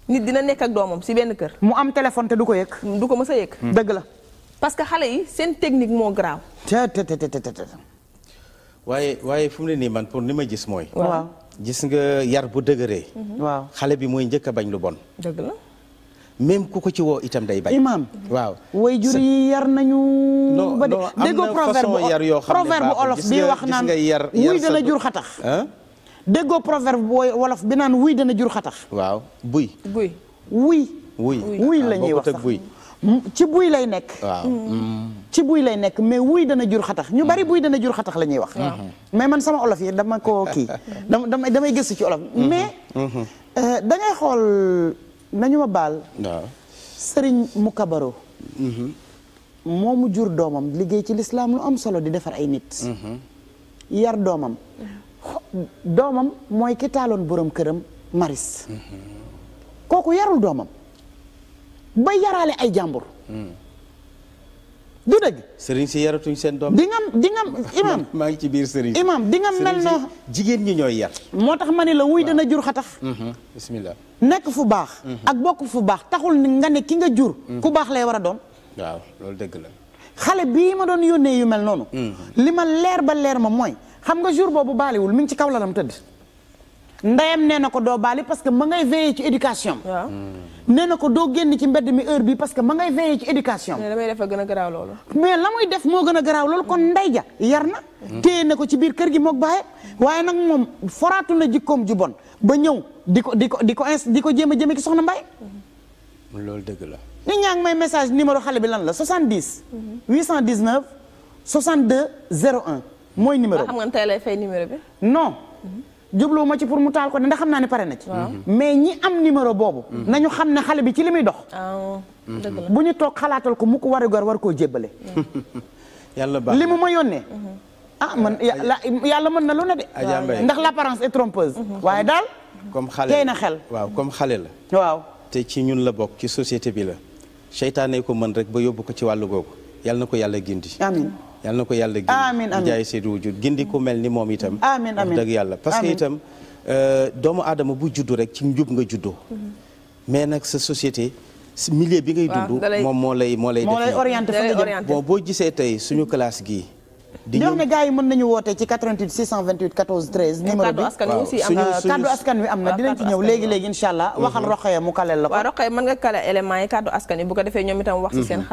nit dina nekk ak doomam si benn kër. mu am téléphone te du ko yëg. du ko mës a yëg. dëgg la parce que xale yi seen technique moo graaw. te te te te te waaye waaye fu mu ne nii man pour ni ma gis mooy. waaw gis nga yar bu dëgëree. xale bi mooy njëkk a bañ lu bon. dëgg la. même ku ko ci woo itam day bañ. imaam waaw way jur yi yar nañu. ba de déggoo proverbe yar yoo xam ne proverbe olof bi wax naan wuy dana jur xatax. déggoo proverbe wolof bi naan wuy dana jur xatax. waaw buy. buy wuy. wuy wuy ah, la wax sax mm, ci buy lay nekk. waaw mm. ci buy lay nekk mais wuy dana jur xatax ñu bari mm. buy dana jur xatax la ñuy wax. Mm-hmm. mais man sama olof yi dama ko kii dama damay gëstu ci olof. Mm-hmm. mais mm-hmm. euh, da xool. nañu ma baal. waaw Serigne Moukabaro. Mm-hmm. moomu jur doomam liggéey ci lislaam lu am solo di defar ay nit. Mm-hmm. yar doomam. doomam mooy ki taaloon boroom këram maris. Mm-hmm. kooku yarul doomam. ba yaraale ay jàmbur. Mm. du dëgg sëriñ si yaratuñ seen doom di ngam di ngam imam maa ngi ci biir sëriñ imam di ngam mel noo jigéen ñi ñooy yar moo tax ma ni la wuy dana jur xatax mm-hmm. bismillah nekk fu baax mm-hmm. ak bokk fu baax taxul nga ne ki nga jur mm-hmm. ku baax lay war a doon waaw loolu dëgg la xale bii ma doon yónnee yu mel noonu li ma leer ba leer ma mooy xam nga jour boobu baaliwul mi ngi ci kaw lalam tëdd ndeyam nee na ko doo baali parce que ma ngay veillé ci éducation am. Hmm. na ko doo génn ci mbedd mi heure bi parce que ma ngay veillé ci éducation mais damay def a gën a garaaw def moo gën a garaaw kon ndey ja yar na. Hmm. téye na ko ci biir kër gi moog baaye waaye nag moom foraatu na jikkoom ju bon ba ñëw di ko di ko di ko di ko jéem a jëme ki soxna Mbaye. Hmm. loolu dëgg la. nit ñaa ngi message numéro xale bi lan la 70. 819 62 01 mooy numéro. xam nga tey fay numéro bi. non. jubluwuma ci pour mu taal ko de ndax xam naa ne pare na ci. Mm-hmm. mais ñi am numéro boobu. Mm-hmm. nañu xam ne xale bi ci li muy dox. Oh, mm-hmm. bu ñu toog xalaatal ko mu ko war a gor war koo jébbale. yàlla li ma yónnee. ah man yàlla mën na lu ne de. ndax l'apparence est trompeuse. waaye daal. comme xale tey na xel. waaw comme xale la. waaw te ci ñun la bokk ci société bi la. seytaane ko mën rek ba yóbbu ko ci wàllu googu yàlla na ko yàlla gindi. amiin. yal na ko yàlla gindi a amiin jaay seen wujud gindi ku mel ni moom itam amiin amiin dëgg yàlla parce que itam euh, doomu aadama bu juddu rek ci njub nga juddoo mm-hmm. mais nag sa société milieu bi ngay dund moom moo lay moo lay def bon boo gisee tey suñu classe gii di ñu ne gars yi mën nañu woote ci 88 628 14 13. numéro bi kaddu askan wi am na ah, dinañ ci ñëw léegi léegi incha allah. Mm-hmm. waxal Roqe mu kaleel la ko. waaw Roqe mën nga kale éléments yi kaddu askan wi bu defee ñoom itam wax ci seen mm-hmm.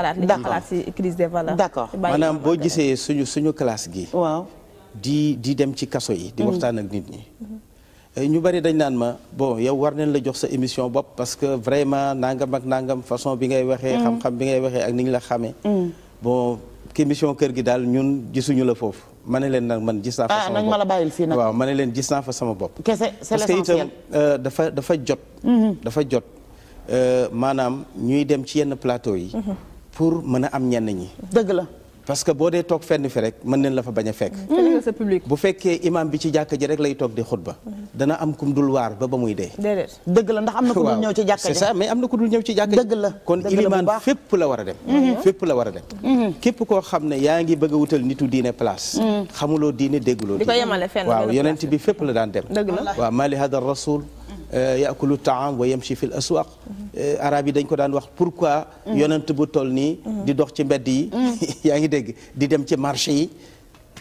xalaat. li di dem ci kaso yi. di mm-hmm. waxtaan ak nit ñi. Eh, ñu bari dañ naan ma bon yow war nañ la jox sa émission bopp parce que vraiment nangam ak nangam façon bi ngay waxee. xam-xam bi ngay waxee ak ni ñu la xamee. bon ki mission kër gi daal ñun gisuñu la foofu ma ne leen nag man gis naa fa ah, sama bopp ah ma la bàyyil fii nag waaw ma ne leen gis naa fa sama bopp. kese c'est l'essentiel euh, dafa dafa jot. Mm-hmm. dafa jot euh, maanaam ñuy dem ci yenn plateau yi. Mm-hmm. pour mën a am ñenn ñi. dëgg la. parce que boo dee toog fenn fi rek mën nañ la fa bañ a fekk. sa fekkee imam bi ci jàkka ji rek lay toog di xutba. dana am kum dul waar ba ba muy dee. dëgg la ndax am na ku dul ñëw ci jàkka ji. dëgg la kon ilimaan fépp la war a dem. Mhm. fépp la a dem. Mhm. képp koo xam ne yaa ngi bëgg a wutal nitu diine place. Mhm. xamuloo diine dégguloo. di waaw yonent bi fépp la daan dem. dëgg la waaw mali rasul eh, yaakulu taam wa yamshi fil aswaq Euh, araab yi dañ ko daan wax pourquoi mm. yonent bu toll nii mm. di dox ci mbedd yi mm. yaa ngi dégg di dem ci marché yi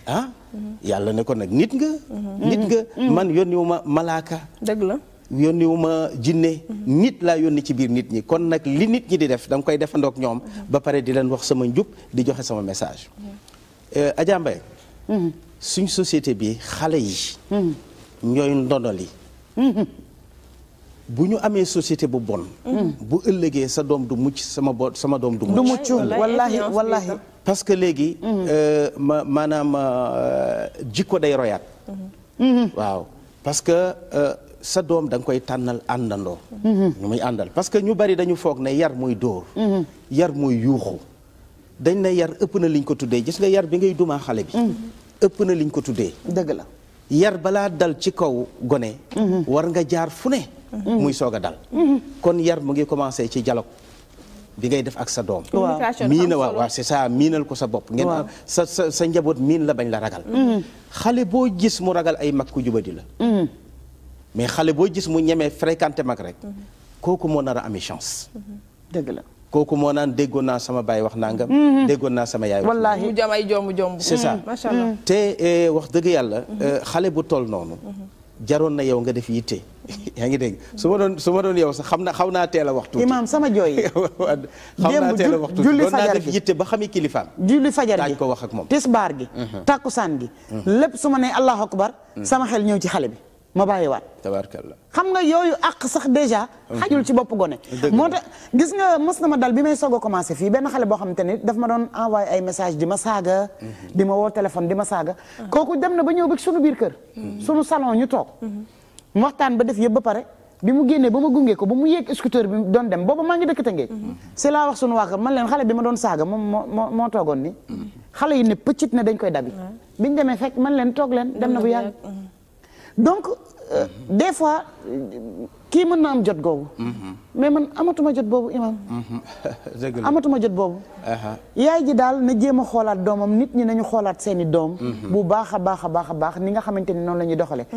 ah mm-hmm. yàlla ne ko nag nit nga mm-hmm. nit nga mm-hmm. man yónniwu ma malaaka dëgg la yónniwu ma jinne nit laa yónni ci biir nit ñi kon nag li nit ñi di def danga koy defandook ñoom ba pare di leen wax sama njub di joxe sama message euh, Adja suñ société bi xale yi ñooy ndonoli bu ñu amee société bu bon. Mm. bu ëllëgee sa doom du mucc sama bo sama doom du. du mucc wallahi wallahi parce que léegi. Mm. Euh, ma maanaam euh, jikko day royaat. Mm-hmm. Mm-hmm. waaw parce que euh, sa doom da koy tànnal àndandoo. Mm-hmm. ñu muy àndal parce que ñu bari dañu foog na yar muy dóor. yar muy yuuxu. dañ ne yar ëpp na liñ ko tuddee gis nga yar bi ngay dumaa xale bi. ëpp na liñ ko tuddee. dëgg la yar balaa dal ci kaw gone. war nga jaar fu ne. Mm-hmm. muy soog a dal. Mm-hmm. kon yar mu ngi commencé ci dialogue bi ngay def ak sa doom. miina waaw waaw c'est ça miinal ko sa bopp. ngeen sa sa sa njaboot miin la bañ la ragal. Mm-hmm. xale boo gis mu ragal ay mag ku jubadi la. mais xale boo gis mu ñemee fréquenté mag rek. kooku moo a amee chance. la. kooku moo naan déggoon naa sama baay wax naa nga déggoon naa sama yaay. wallaahi mu jam ay jomb jomb. c'est ça macha allah te eh, wax dëgg yàlla. Eh, xale bu tool noonu. jaroon na yow nga def yitte yaa ngi dégg su ma doon su ma doon yow xam na xaw naa teel a waxtu imaam sama jooy xaw naa teel a waxtu julli fajar gi def ba xami kilifaam julli fajar gi daañ ko wax ak moom tisbaar gi mhm. takkusaan gi mhm. lépp su ma ne allahu akbar mhm. sama xel ñëw ci xale bi ma bàyyiwaat. tabaarkalla xam nga yooyu àq sax dèjà. xajul ci bopp gone. moo tax gis nga mas na ma dal bi may soog a fii benn xale boo xam te ni daf ma doon envoyé ay message di ma saaga. di ma woo téléphone di ma saaga. kooku dem na ba ñëw ba sunu biir kër. sunu salon ñu toog. waxtaan ba def yëpp ba pare. bi mu génnee ba ma gungee ko ba mu yéeg scooter bi doon dem booba maa ngi dëkk Tëngéej. c'est laa wax sunu waa man leen xale bi ma doon saaga moom moo moo moo toogoon ni. xale yi ne pëccit ne dañ koy dabi. biñ man leen toog leen dem na bu yàgg donc euh, des fois kii mën na am jot googu. Mm-hmm. mais man amatuma jot boobu imam mm-hmm. amatuma jot boobu. Uh-huh. yaay ji daal na jéem a xoolaat doomam nit ñi nañu xoolaat seeni doom. Mm-hmm. bu baax a baax a baax a baax ni nga xamante ni noonu la ñuy doxalee.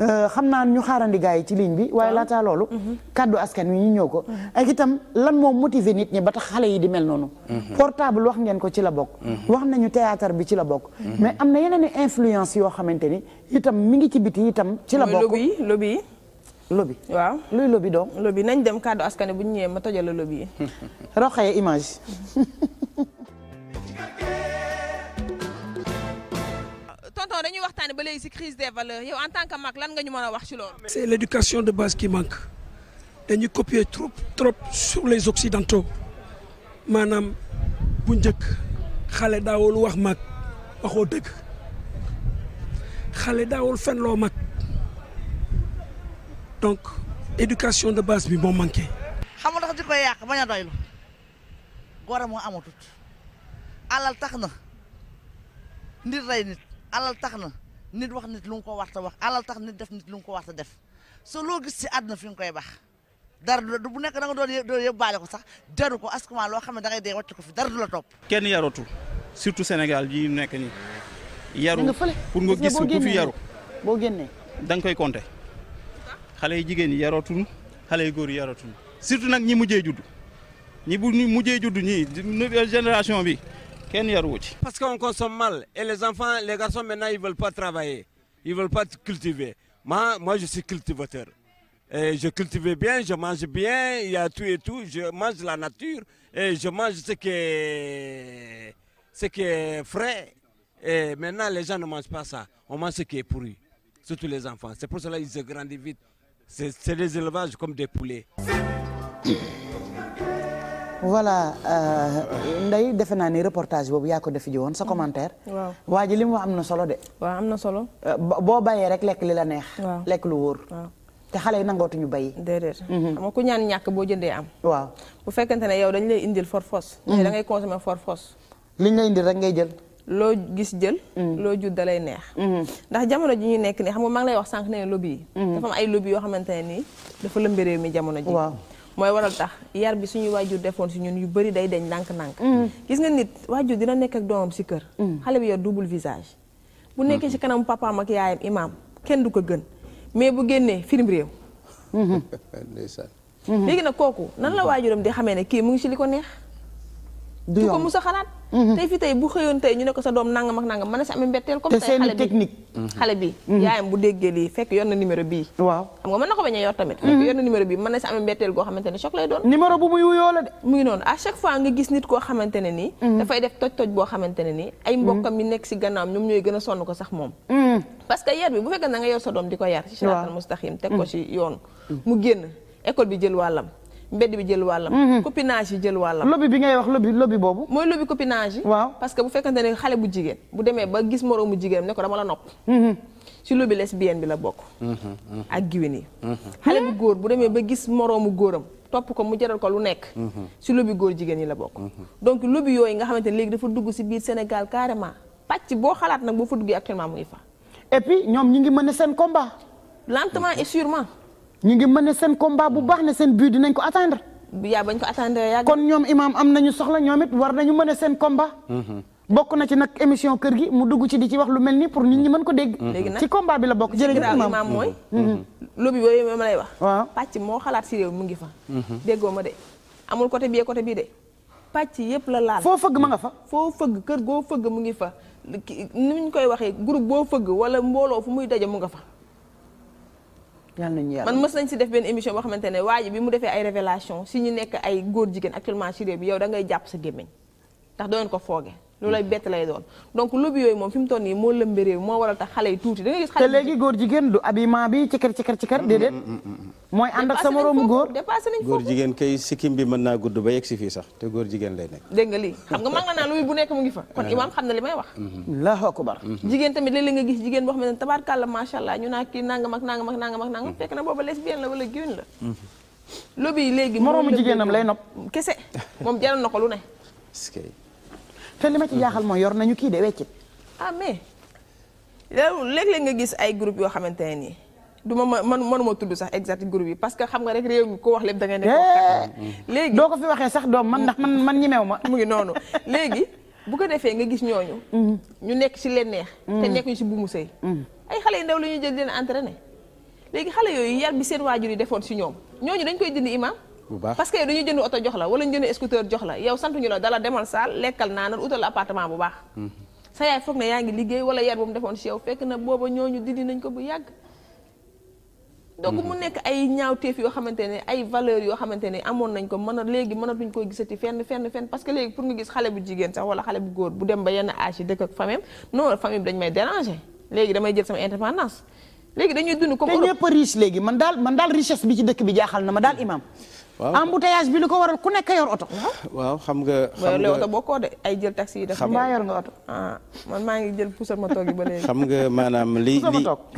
Euh, xam naa ñu xaarandi gars yi ci ligne bi waaye a loolu. kàddu askan wi ñu ñëw ko. ak itam lan moom motiver nit ñi ba tax xale yi di mel noonu. portable wax ngeen ko ci la bokk. wax nañu théâtre bi ci la bokk. mais am na yeneen i influence yoo xamante ni itam mu ngi ci biti itam. ci la bokk lobby lobby lobi waaw luy lobi doom lobi nañ dem kàddu askane bu ñu ñëwee ma tojal la lobi yi roxaye image tonton dañuy waxtaane ba léegi ci crise des valeurs yow en tant que mag lan nga ñu mën a wax ci loolu c'est l'éducation de base qui manque dañuy copier trop trop sur les occidentaux maanaam bu njëkk xale daawul wax mag waxoo dëgg xale daawul fenloo mag donc éducation de base bi moo manqué. xam nga di koy yàq bañ a doylu góor a moo amatut alal tax na nit rey nit alal tax na nit wax nit lu nga ko warta wax alal tax nit def nit lu nga ko warta def soo loo gis ci na fi nga koy baax dara du bu nekk da nga doon doon baale ko sax jaru ko askan loo xam ne da ngay dee wàcc ko fi dara du la topp. kenn yaratu surtout Sénégal yi nekk nii. yaru pour nga gis ko ku fi yaru boo génnee da nga koy compter. xale yu jigéen yi yarootuñ xale yu góor yi yarootuñ surtout nag ñi mujjee judd ñi bu ñu mujjee judd ñii nouvelle génération bi kenn yaruwu ci. parce qu'on consomme mal et les enfants les garçons maintenant ils veulent pas travailler ils veulent pas cultiver moi moi je suis cultivateur. Et je cultive bien, je mange bien, il y a tout et tout, je mange la nature et je mange ce qui est, ce qui est frais. Et maintenant, les gens ne mangent pas ça, on mange ce qui est pourri, surtout les enfants. C'est pour cela qu'ils se grandissent vite. C'est des élevages comme des poulets. voilà euh, Ndeye defe naa ni reportage boobu yaa ko def ji woon sa commentaire. waaw waa ji li am na solo de. waaw am na solo. Euh, boo bayee rek lekk li la neex. lekk lu wóor. te xale yi nangootuñu bayi. déedéet. de mhm. nga ku ñaan ñàkk boo jëndee am. waaw bu fekkente ne yow dañu lay indil forfos. Mhm. da ngay consommer forfos. li ñu lay indil rek ngay jël. loo gis jël. Mm. loo jur dalay neex. Mm-hmm. ndax jamono ji ñu nekk nii xam nga maa ngi lay wax sànq ne lobby yi. Mm-hmm. dafa am ay lobby yoo xamante ne nii dafa lëmbe réew mi jamono ji. waaw mooy waral tax yar bi suñuy waajur defoon si ñun yu bëri day deñ ndànk-ndànk. Mm-hmm. gis nga nit waajur dina nekk ak doomam si kër. xale bi yor double visage. bu nekkee si kanam papaam ak yaayam imaam kenn du ko gën mais bu génnee film réew. ndeysaan. léegi nag kooku nan la waajuram di xamee ne kii mu ngi si li ko neex. du yomb ko musa xalaat. Mhm. tey fi tey bu xëyoon tey ñu ne ko sa doom nangam ak nangam mën na si amee mbetteel. comme tey xale bi technique. Mhm. Mhm. fekk yor na numéro bii. waaw xam nga mën a yor tamit. fekk yor numéro bii mën na si xamante ne choc lay doon. numéro bu muy wuyoo la mu ngi noonu à chaque fois nga gis nit koo xamante ne nii. dafay def toj-toj boo xamante ne nii. ay mbokkam yi nekk si gannaaw ñoom ñooy gën a sonn ko sax moom. parce que yar bi bu fekkee na nga yor sa doom di ko yar. ci siraatal mustaqim teg ko ci yoon mu génn école bi jël wàllam mbedd bi jël wàllam. Mhm. copinage yi jël wàllam. lobby bi ngay wax lobby lobby boobu. mooy lobby copinage yi. waaw parce que bu fekkante ne xale bu jigéen bu demee ba gis moroomu jigéenam ne ko dama la nopp. Mhm. ci lobby lesbienne bi la bokk. Mhm, ak giwén yi. xale bu góor bu demee ba gis moroomu góoram. topp ko mu jaral ko lu nekk. ci lobby góor jigéen ñi la bokk. donc lobby yooyu nga xamante ne léegi dafa dugg si biir Sénégal carrément pàcc boo xalaat nag boo fa duggee actuellement mu ngi fa. et puis ñoom ñu ngi mën seen combat. lentement et sûrement. ñu ngi mën seen combat bu baax ne seen but dinañ ko atteindre. yaa bañ ko atteindre yàgg. kon ñoom imaam am nañu soxla ñoom it war nañu mën seen combat. Mhm. bokk na ci nag émission kër gi mu dugg ci di ci wax lu mel nii pour nit ñi mën ko dégg. ci combat bi la bokk jërëjëf imaam mhm. mooy. Mhm. lobby yooyu ma lay wax. waaw pàcc moo xalaat si réew mu ngi fa. déggoo ma de amul côté bii côté bii de pàcc yëpp la laal. foo fëgg ma nga fa. foo fëgg kër goo fëgg mu ngi fa ni ñu koy waxee groupe boo fëgg wala mbooloo fu muy daje mu nga fa. yàlla nañu yàlla man mës nañ si def benn émission boo xamante ne waa bi mu defee ay révélation si ñu nekk ay góor jigéen actuellement si réew bi yow da ngay jàpp sa gémmiñ ndax doon ko fooge lu lay bett lay doon donc lobby yooyu moom fi mu toll moo lëmbee réew moo waral tax xale yi tuuti da ngay gis xale te léegi góor jigéen du habillement bi ci kër ci kër ci mm, mm, mm, mooy ànd ak sa moroomu góor dépassé nañ góor jigéen kay sikkim bi mën naa gudd ba yegg si fii sax te góor jigéen lay nekk dégg nga lii xam nga mag la naa lobby bu nekk mu ngi fa kon ah. imaam xam na li may wax allahu akbar mm-hmm. jigéen tamit léeg-léeg nga gis jigéen boo xam ne tabaarkàlla macha allah ñu naa kii nanga ak nangam ak nangam ak nangam na booba lesbienne la wala géwél la mm-hmm. lobby yi léegi lay nopp kese moom jaral na ko lu ne te li ma ci jaaxal mooy yor nañu kii de weccit amee ah, mais loolu léeg nga gis ay groupe yoo xamante ne nii du ma man mënuma tudd sax exact groupe yi parce que xam nga rek réew mi ko wax lépp da ngay nekk eh, léegi doo ko fi waxee sax doom man ndax man man ñemew ma mu ngi noonu léegi bu ko defee nga gis ñooñu mm-hmm. ñu nekk ci leen neex te mm-hmm. nekkuñu ci si buumu sëy mm-hmm. ay xale yu ndaw la ñuy jël leen entraîné léegi xale yooyu yar bi seen waajur yi defoon ci ñoom ñooñu dañ koy dindi imam bu baax que yow dañuy jënd oto jox la wala ñu jënd scooter jox la yow santuñu la dala demal saal lekkal naanal utal appartement bu baax mm-hmm. sa yaay foog ne yaa ngi liggéey wala yar bu mu defoon si yow fekk na booba ko bu yàgg donc mu mm-hmm. nekk ay ñaawteef yoo xamante ne ay valeur yoo xamante ne amoon nañ ko mën a léegi mënatuñ koo gisati fenn fenn fenn parce que léegi pour xale bu jigéen sax wala xale bu góor bu dem ba yenn âge yi dëkk ak famille non famille léegi sama indépendance léegi dañuy dund comme te ñëpp riche léegi man daal man daal richesse bi ci dëkk bi jaaxal na ma daal imam waaw embouteillage bi li ko waral ku nekk yor oto. waaw xam nga. xam nga oto de ay jël xam nga ah, maa ngi jël puusal ma xam nga maanaam li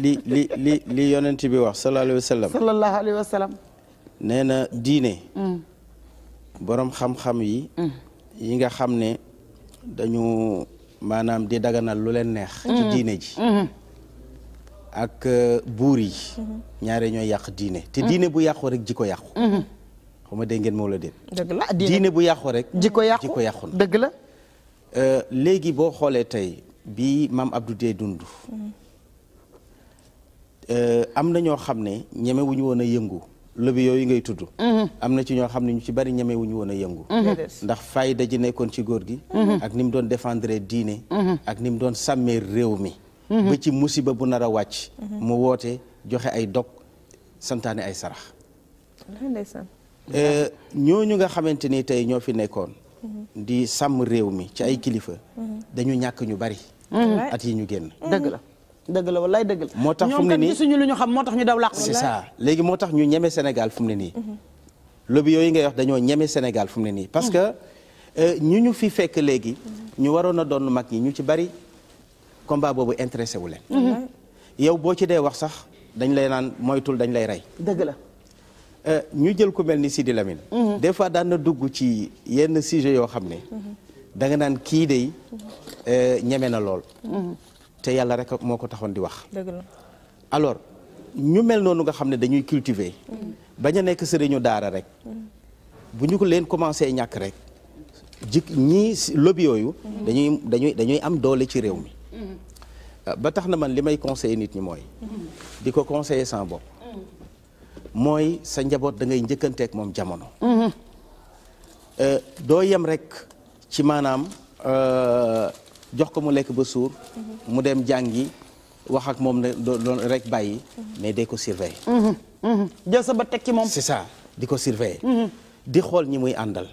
li li li li yonent bi wax sallallahu alayhi wa sallam. sallallahu alayhi na diine. Mm. borom xam-xam yi. Mm. yi nga xam ne dañu maanaam di daganal lu leen neex. ci mm-hmm. diine ji. Mm-hmm. ak euh, buur yi. Mm-hmm. ñaare ñooy yàq diine. te diine bu yàqu rek ji ko yàqu. xaw ma dégg ngeen moo la déet. dëgg la ah, diine bu yàqu rek. jikko yàqu jikko yàqu na dëgg la. Euh, léegi boo xoolee tey bi maam Abdou dee dund. Mm. Euh, am na ñoo xam ne ñeme woon a yëngu lobby yooyu ngay tudd. Mm-hmm. am na ci ñoo xam ne ñu ci bari ñeme woon a yëngu. Mm-hmm. ndax fayda ji nekkoon ci góor gi. Mm-hmm. ak ni mu doon défendre diine. ak ni mu doon sàmmee réew mi. ba ci musiba bu nar a wàcc. mu woote joxe ay dog santaane ay sarax. Euh, ñooñu nga xamante ni tey ñoo fi nekkoon. di sàmm réew mi ci ay kilifa. dañu ñàkk ñu bari. at yi ñu génn. dëgg la dëgg la wallaay dëgg moo tax fu mu ne nii ñoom kat gisuñu lu ñu xam moo tax ñu daw làq. c'est ça léegi moo tax ñu ñeme Sénégal fu mu ne nii. Mhm. lobby yooyu ngay wax dañoo ñeme Sénégal fu mu ne nii parce que euh, ñu ñu fi fekk léegi. ñu waroon a doon mag ñi ñu ci bari combat boobu intéressé wu leen. Mhm. yow boo ci dee wax sax dañ lay naan moytul dañ lay rey. dëgg la. Euh, ñu jël ku mel ni Sidi Lamine. Mhm. des fois daan na dugg ci yenn sujet yoo xam ne. Mhm. da nga naan kii de euh, ñeme na lool. Mhm. te yàlla rek moo ko taxoon di wax. alors ñu mel noonu nga xam ne dañuy cultiver. bañ a nekk sëriñu daara rek. bu ñu ko leen commencé ñàkk rek. jik ñii lobby yooyu. dañuy dañuy dañuy am doole ci réew mi. Euh, ba tax na man li may conseiller nit ñi mooy. di ko conseiller sans bopp. mooy sa njaboot da ngay njëkkanteek moom jamono. Mm-hmm. Euh, doo yem rek ci maanaam euh, jox ko mu lekk ba suur. Mm-hmm. mu dem jàngi wax ak moom ne doon rek bàyyi. Mm-hmm. mais day ko surveiller. jël sa ba di ko surveiller. di xool ñi muy àndal.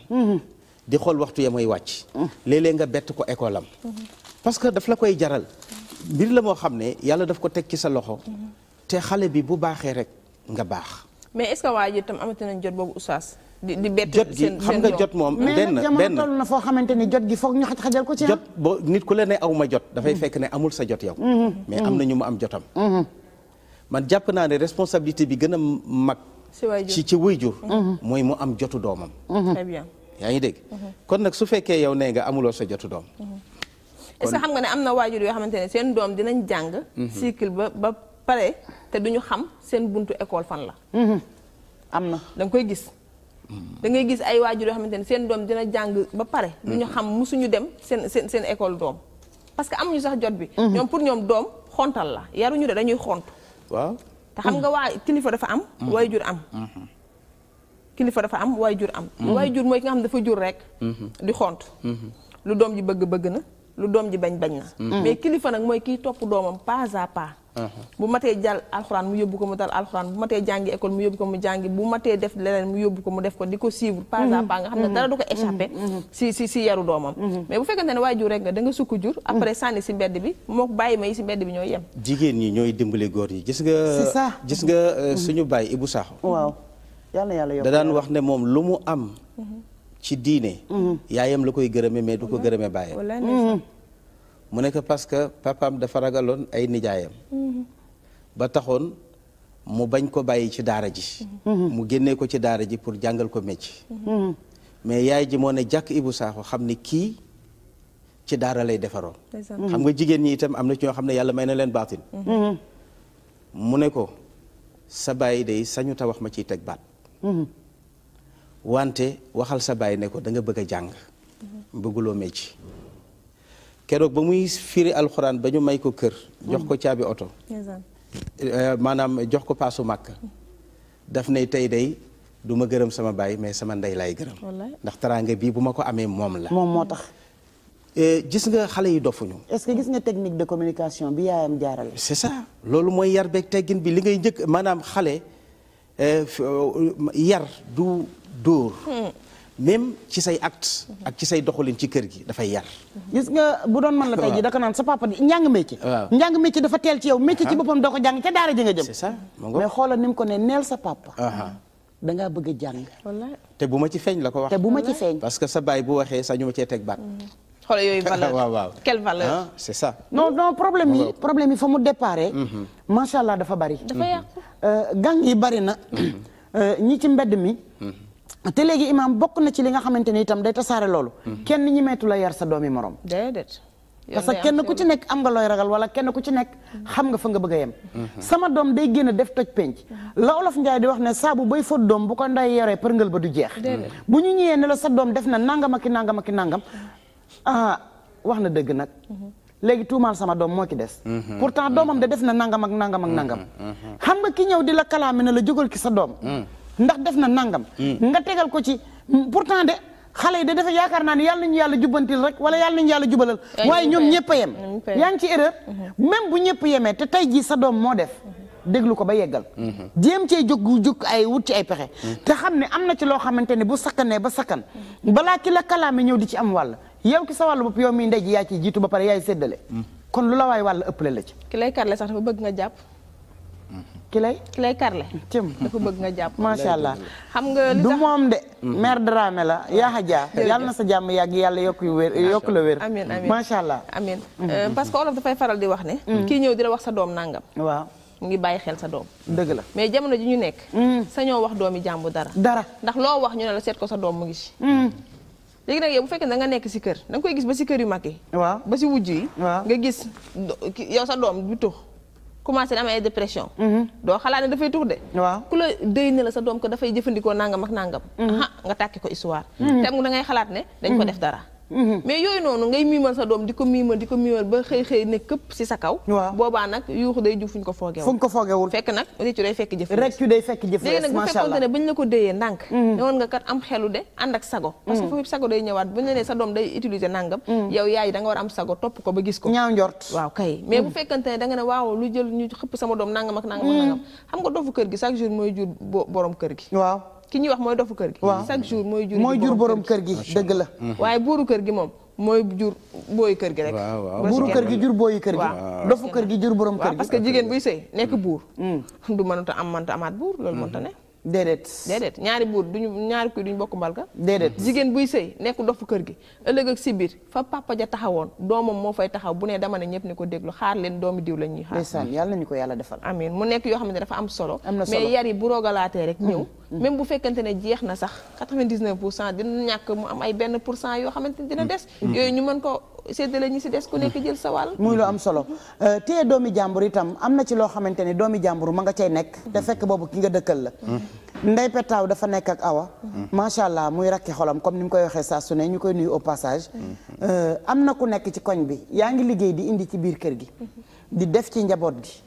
di xool waxtu ya muy wàcc. Mm. léeg-léeg nga bett ko école am. parce que daf la koy jaral. mbir la moo xam ne yàlla daf ko teg ci sa loxo. te xale bi bu baaxee rek nga baax. mais est-ce que waa ji itam amati nañ jot boobu oustaz. di di bett jot gi xam nga ni jot gi foog ñu xajal ko ci. jot boo nit ku la ne sa jot yow. Mm-hmm. Mm-hmm. mais am na ñu mu am jotam. Mm-hmm. man jàpp naa ne bi gën a mag. ci ci waajur mooy mu am jotu doomam. très bien. ngi dégg. kon nag su fekkee yow nee nga sa jotu doom. est-ce que xam nga ne na waajur yoo xamante ne seen doom dinañ jàng. cycle ba ba pare. te du ñu xam seen buntu école fan la. Mhm. am na da koy gis. da ngay gis ay waajur yoo xamante ne seen doom dina jàng ba pare. ñu mhm. xam mu musuñu dem seen seen seen école doom. parce que amuñu sax jot bi. Mhm. ñoom pour ñoom doom xontal la yaruñu de dañuy xont. waaw te xam nga waa kilifa dafa am. waajur am. kilifa dafa am waajur am. waajur mooy ki nga xam dafa jur rek. di xont. lu doom ji bëgg bëgg na lu doom ji bañ bañ na. mais kilifa nag mooy kiy topp doomam pas a pas. bu matee jàll alxuraan mu yóbbu ko mu dal alxuraan bu matee jàngi école mu yóbbu ko mu jàngi bu matee def leneen mu yóbbu ko mu def ko di ko suivre pas à pas nga xam ne mhm. dara du ko échappé mhm. Mhm. si si si yaru doomam mais bu fekkente ne waajur rek nga da nga sukk jur après sànni si bi moo bàyyi ma si mbedd bi ñooy yem jigéen ñi ñooy dimbali góor ñi gis nga gis nga euh, suñu bàyyi Ibou Sakho waaw yàlla yàlla yokk da daan wax ne moom lu mu am ci diine yaayam la koy gërëme mais du ko gërëme bàyyi mu nekk parce que papaam dafa ragaloon ay nijaayam ba taxoon mu bañ ko bàyyi ci daara ji mu génnee ko ci daara ji pour jàngal ko métier mais yaay ji moo ne jàkk Ibou Sakho xam ni kii ci daara lay defaroon xam nga jigéen ñi itam am na ci ñoo xam ne yàlla may na leen baatin mu ne ko sa baay day sañuta wax ma ciy teg baat wante waxal sa baay ne ko da nga bëgg a jàng mm-hmm. bëgguloo métier keroog ba muy firi alxuraan ba ñu may ko kër jox ko mm. caabi oto eh, maanaam jox ko paasu màkk daf nay tey day duma gërëm sama baay mais sama ndey laay gërëm ndax teraanga bii bu ma ko amee moom la moom moo tax eh, gis nga xale yi dofuñu est-ce que gis nga technique de communication bi yaayam jaarale c'est ça loolu mooy yar beeg teggin bi li ngay njëkk maanaam xale eh, yar du dóor hmm. même ci say acte ak ci say doxalin ci kër gi dafay yar gis nga bu doon man la tey ji daka naan sa papa di njàng métier njàng métier dafa teel ci yow métier ci boppam doo ko jàng ca daara ji nga jëm c'est ça mais xoolal ni mu ko ne neel sa papa da ngaa bëgg a jàng te bu ma ci feeñ la ko wax bu ma feeñ parce que sa baay bu waxee sa ñu ma cee teg baat mhm. xoolal yooyu valeur waaw waaw quelle valeur ah, c'est ça non non problème yi problème yi fa mu dépare mhm. macha allah dafa bari dafa yàqu euh, gang yi bari na mhm. euh, ñi ci mbedd mi te léegi imaam bokk na ci li nga xamante ni itam day tasaare loolu. Mhm. kenn ñi meetu la yar sa doomi morom. déedéet. parce kenn ku ci nekk am nga looy ragal wala kenn ku ci nekk mhm. xam nga fa nga bëgg a yem. Mhm. sama doom day génn def toj penc. la olof Njaay di wax ne saabu bay fóot doom bu ko nday yoree përngal ba du jeex. bu ñu ñëwee ne la sa doom def na nangama ki nangama ki nangam ah wax na dëgg nag. léegi tuumaal sama doom moo ci des. pourtant doomam de def na nangam ak nangam ak nangam. xam nga ki ñëw di la kalaame ne la jógal ki sa doom. ndax def na nangam. Hmm. nga tegal ko ci hmm, pourtant de xale yi de dafa yaakaar naa ne yàlla nañu yàlla jubbantil rek wala yàlla nañu yàlla jubalal. waaye ñoom ñëpp a yem. yaa ngi ci erreur. Hmm. même bu ñëpp yemee te tey jii sa doom moo def. déglu ko ba yeggal. jéem cee jóg jóg ay wut ci ay pexe. te xam ne am na ci loo xamante ne bu sakkanee ba sakkan. balaa ki la kalaame ñëw di ci am wàll. yow ki sa wàllu bopp yow mii ndey ji yaa ci jiitu ba pare yaay séddale. kon lu la waay wàll ëppale la ci. ki lay sax dafa bëgg nga jàpp. ki lay ki lay karle cëm dafa bëgg nga jàpp macha allah xam nga li du moom de mère Dramé la yaa xajaa yàlla na sa jàmm yàgg yàlla yokk yu wér yokk la wér amiin amiin macha allah amiin mm. euh, parce que olof dafay faral di wax ne mm. kii ñëw di la wax sa doom nangam waaw mu ngi bàyyi xel sa doom dëgg la mais jamono ji ñu nekk mm. sañoo wax doomi jàmbu dara dara ndax loo wax ñu ne la seet ko sa doom mu ngi si léegi nag yow bu fekkee da nga nekk si kër da nga koy gis ba si kër yu mag yi waaw ba si wujj yi nga gis yow sa doom bi tux commencé na am ay dépression. Mhm. doo xalaat ne dafay tux de. waaw ku la déy na la sa doom ko dafay jëfandikoo nangam ak nangam. Mhm. nga tàkki ko histoire. Mhm. te am da ngay xalaat ne. dañ ko def dara. Mm-hmm. mais yooyu noonu ngay miimal sa doom di ko miimal di ko miimal ba xëy xëy ne këpp si sa kaw waaw boobaa nag yuuxu day ju fuñ ko foogewul fuñ ko foogewul fekk nag réccu day fekk jëf réccu day fekk jëf léegi nag bu fekkoon ne la ko déyee ndànk mm-hmm. ne woon nga kat am xelu de ànd ak sago parce mm-hmm. day ñëwaat buñ nee sa doom day utiliser nangam yow yaay da nga war am sago topp ko ba gis ko ñaaw njort waaw kay mais bu fekkante ne danga ne waaw lu jël ñu xëpp sama doom nangam ak nangam ak nangam xam nga dofu kër gi chaque jour mooy jur borom kër gi waaw ki ñuy wax mooy dofu kër gi. waaw chaque jour mooy jur mooy jur borom kër gi dëgg la. waaye buuru kër gi moom mooy jur booyu kër gi rek. buuru kër gi jur booyu kër gi. dofu kër gi jur borom kër gi. parce que jigéen buy sëy nekk buur. Mm. du mënta am mënta amaat buur loolu mënta ne. déedéet déedéet ñaari buur duñu ñaari kuy duñu bokk mbalka déedéet jigéen buy sëy nekk dofu kër gi ëllëg ak si fa papa ja taxawoon doomam moo fay taxaw bu ne dama ne ñëpp ni ko déglu xaar leen doomi diw la ñuy xaar ndeysaan yàlla nañu ko yàlla defal amiin mu nekk yoo xam ne dafa am solo mais yar yi bu roogalaatee rek ñëw même bu fekkante ne jeex na sax 99 pour cent dina ñàkk mu am ay benn pour cent yoo xamante ni dina des. Mm. Mm. yooyu ñu mën ko séddale ñu si des ku nekk jël sa wàll. muy lu am solo mm-hmm. euh, téye doomi jàmbur itam am na ci loo xamante ne doomi jàmbur ma nga cay nekk. Mm-hmm. te fekk boobu ki nga dëkkal la. Mm-hmm. Ndey Petaaw dafa nekk ak Awa. macha allah muy rakki xolam comme ni mu koy waxee saa su ne ñu koy nuyu au passage. Euh, am na ku nekk ci koñ bi yaa ngi liggéey di indi ci biir kër gi. di def ci njaboot gi.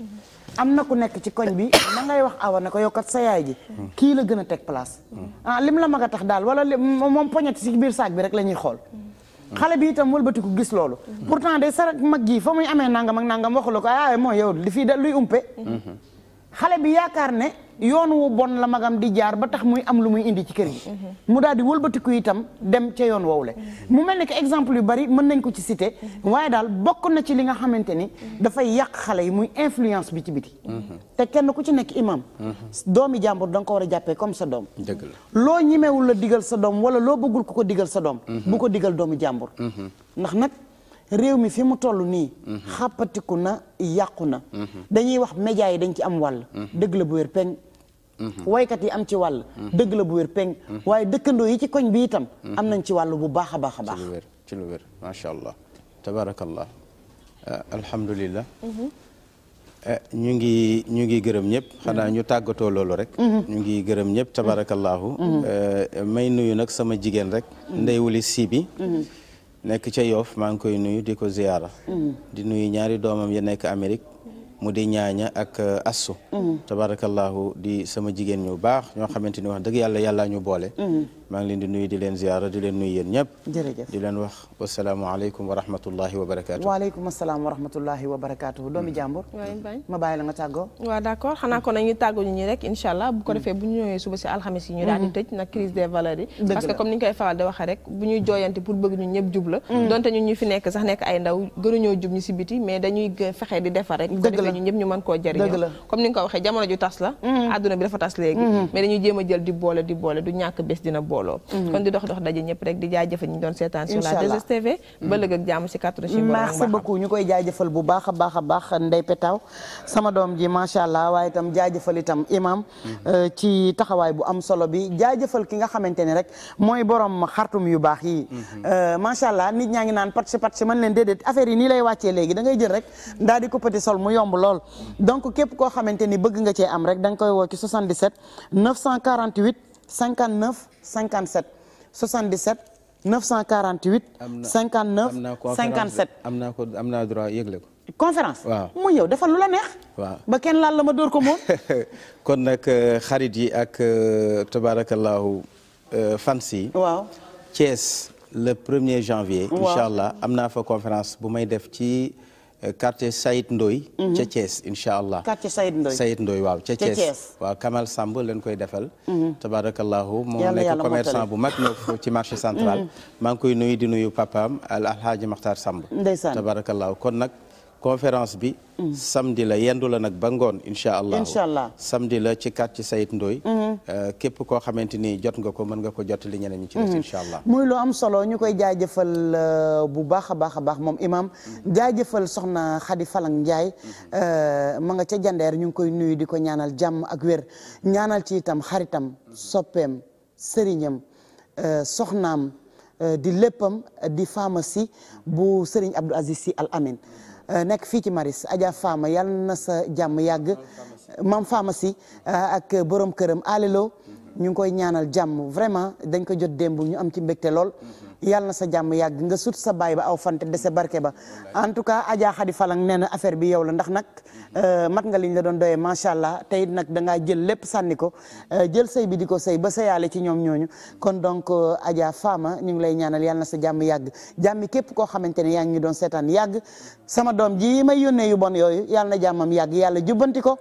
am na ku nekk ci koñ bi na ngay wax awa na ko yow kat sa yaay ji. kii la gën a teg place. ah lim la mag a tax daal wala moom poñet ci biir saak bi rek la ñuy xool. xale bi itam ku gis loolu. pourtant sa sarak mag ji fa muy amee nangam ak nangam waxu la ko ah mooy yow li fii da luy umpe. xale bi yaakaar ne yoon wu bon la magam di jaar ba tax muy am lu muy indi ci kër gi. mu daal di wëlbatiku itam dem ca yoon woowu le mu mel ne que exemple yu bari mën nañ ko ci cité waaye daal bokk na ci li nga xamante ni dafay yàq xale yi muy influence bi ci biti te kenn ku ci nekk imam doomi jàmbur danga ko war a jàppee comme sa doom dëgg loo ñimewul la digal sa doom wala loo bëggul ku ko digal sa doom bu ko digal doomi jàmbur mhm. ndax nag réew mi fi mu toll nii. Mhm. xàppatiku na yàqu na. Mhm. dañuy wax médias yi dañ ci am wàll. Mhm. dëgg la bu wér peng. woykat yi am ci wàll. dëgg la bu wér peng. waaye dëkkandoo yi ci koñ bi itam. am nañ ci wàll bu baax a baax a baax. ci ci lu wér macha allah tabarakallah eh, alhamdulillah. Eh, ñu ngi ñu ngi gërëm ñëpp xanaa ñu tàggatoo loolu rek ñu ngi gërëm ñëpp tabarakallahu eh, may nuyu nag sama jigéen rek ndey wuli si nekk ca Yoff maa ngi koy nuyu di ko ziyaara mm. di nuyu ñaari doomam ya nekk Amérique mu di ñaaña ak uh, assu mm. tabarakallahu di sama jigéen ñu baax ñoo xamante ni wax dëgg yàlla yàllaa ñu boole mm. maa ngi leen di nuyu di leen ziyaara di leen nuyu yéen ñëpp. di leen wax wa salaam wa rahmatullahi wa barakaatu. doomi mm. jàmbur. ma bàyyi la nga tàggoo. waaw d' xanaa kon nañu tàggoo ñu rek incha bu ko mm. defee bu ñu ñëwee suba si alxamis yi ñu daal di mm-hmm. tëj nag crise des valeurs yi. parce que comme ni ñu koy di waxee rek bu ñuy jooyanti pour bëgg ñu ñëpp jub la. Mm. donte ñun ñu fi nekk sax nekk ay ndaw gënuñoo jub ñu si biti mais dañuy fexe di defar rek. dëgg la ñu ñëpp koo jëriñoo comme ni nga ko waxee jamono ju tas booloo mhm. kon di dox dox daje ñëpp rek di jaajëfal ñi doon seetaan sur la 2STV mhm. ba lëg ak jàmm si quatre ci merci beaucoup ñu koy jaajëfal bu baax a baax a baax Ndey Petaw sama doom ji macha allah waaye itam jaajëfal itam imam mhm. euh, ci taxawaay bu am solo bi jaajëfal ki nga xamante ni rek mooy borom xartum yu baax yi euh, macha allah nit ñaa ngi naan patch patch man leen déedéet affaire yi nii lay wàccee léegi da jël rek daal di ko petit sol mu yomb lool donc képp ni bëgg nga cee am rek da nga koy woo ci 59 57 77 948. am na 59 57 am naa ko am naa droit yëgle ko. conférence waaw mu yow defal lu la neex. waaw ba kenn laal la ma dóor ko moom. kon nag euh, xarit yi ak euh, tabaarakallaahu euh, fans yi. waaw le premier janvier. waaw allah am naa fa conférence bu may def ci. Euh, quartier Saïd Ndoy mhm. ca Thiès incha allah quartier Saïd Ndoy Saïd Ndoy waaw ca waaw Kamal Samb leen koy defal mhm. tabarakallahu moo nekk commerçant bu mag ñëw ci marché central mhm. maa ngi koy nuyu di nuyu papaam alhaaji Maxtaar Samb tabarakallahu kon nag conférence bi. Mm. samedi la yendu nag ba ngoon incha allah. incha allah samedi la ci quartier Sayid Ndoy mm-hmm. euh, képp koo xamante ni jot nga ko mën nga ko jot li ñeneen ñi ci des mm-hmm. incha allah. muy lu am solo ñu koy jaajëfal euh, bu baax a baax a baax moom imam mm-hmm. jaajëfal soxna Khady Falang Ndiaye. Euh, ma nga ca jandeer ñu ngi koy nuyu di ko ñaanal jàmm ak wér ñaanal ci itam xaritam soppeem sëriñam soxnaam di léppam di pharmacie bu sëriñ Abdou Aziz Sy Al Euh, nekk fii ci Maris Adja Fama yàlla na sa jàmm yàgg mam Fama si euh, ak borom këram alelo mhm. ñu ngi koy ñaanal jàmm vraiment dañ ko jot démb ñu am ci mbégte lool mhm. yàlla na sa jàmm yàgg nga sut sa baay ba aw fante dese barke ba en tout cas Adja Khady Falang nee na affaire bi yow la ndax nag euh, mat nga liñ la doon doyee macha allah tey nag dangaa jël lépp sànni ko euh, jël sëy bi di ko sëy ba sëyaale ci ñoom ñooñu kon donc euh, Adja Fama ñu ngi lay ñaanal yàlla sa jàmm yàgg jàmmi képp koo xamante ne yaa ngi doon seetaan yàgg sama doom ji may yónnee yu bon yooyu yàlla na jàmmam yàgg yàlla jubbanti ko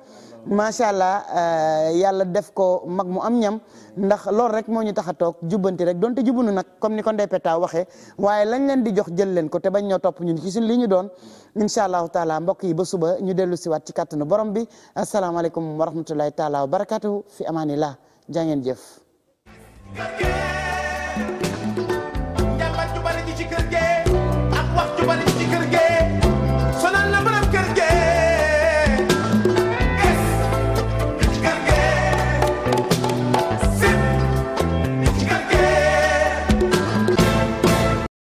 macha allah eh, yàlla def ko mag mu am ñam ndax loolu rek moo ñu tax a toog jubbanti rek donte nu nag comme ni ko Ndepeta waxee waaye lañ leen di jox jël leen ko te bañ ñoo topp ñun ci suñ li ñu doon incha allahu taala mbokk yi ba suba ñu dellu siwaat ci kàttanu borom bi asalaamaaleykum wa rahmatullahi taala wa barakatuhu fi amaanillah jaa ngeen jëf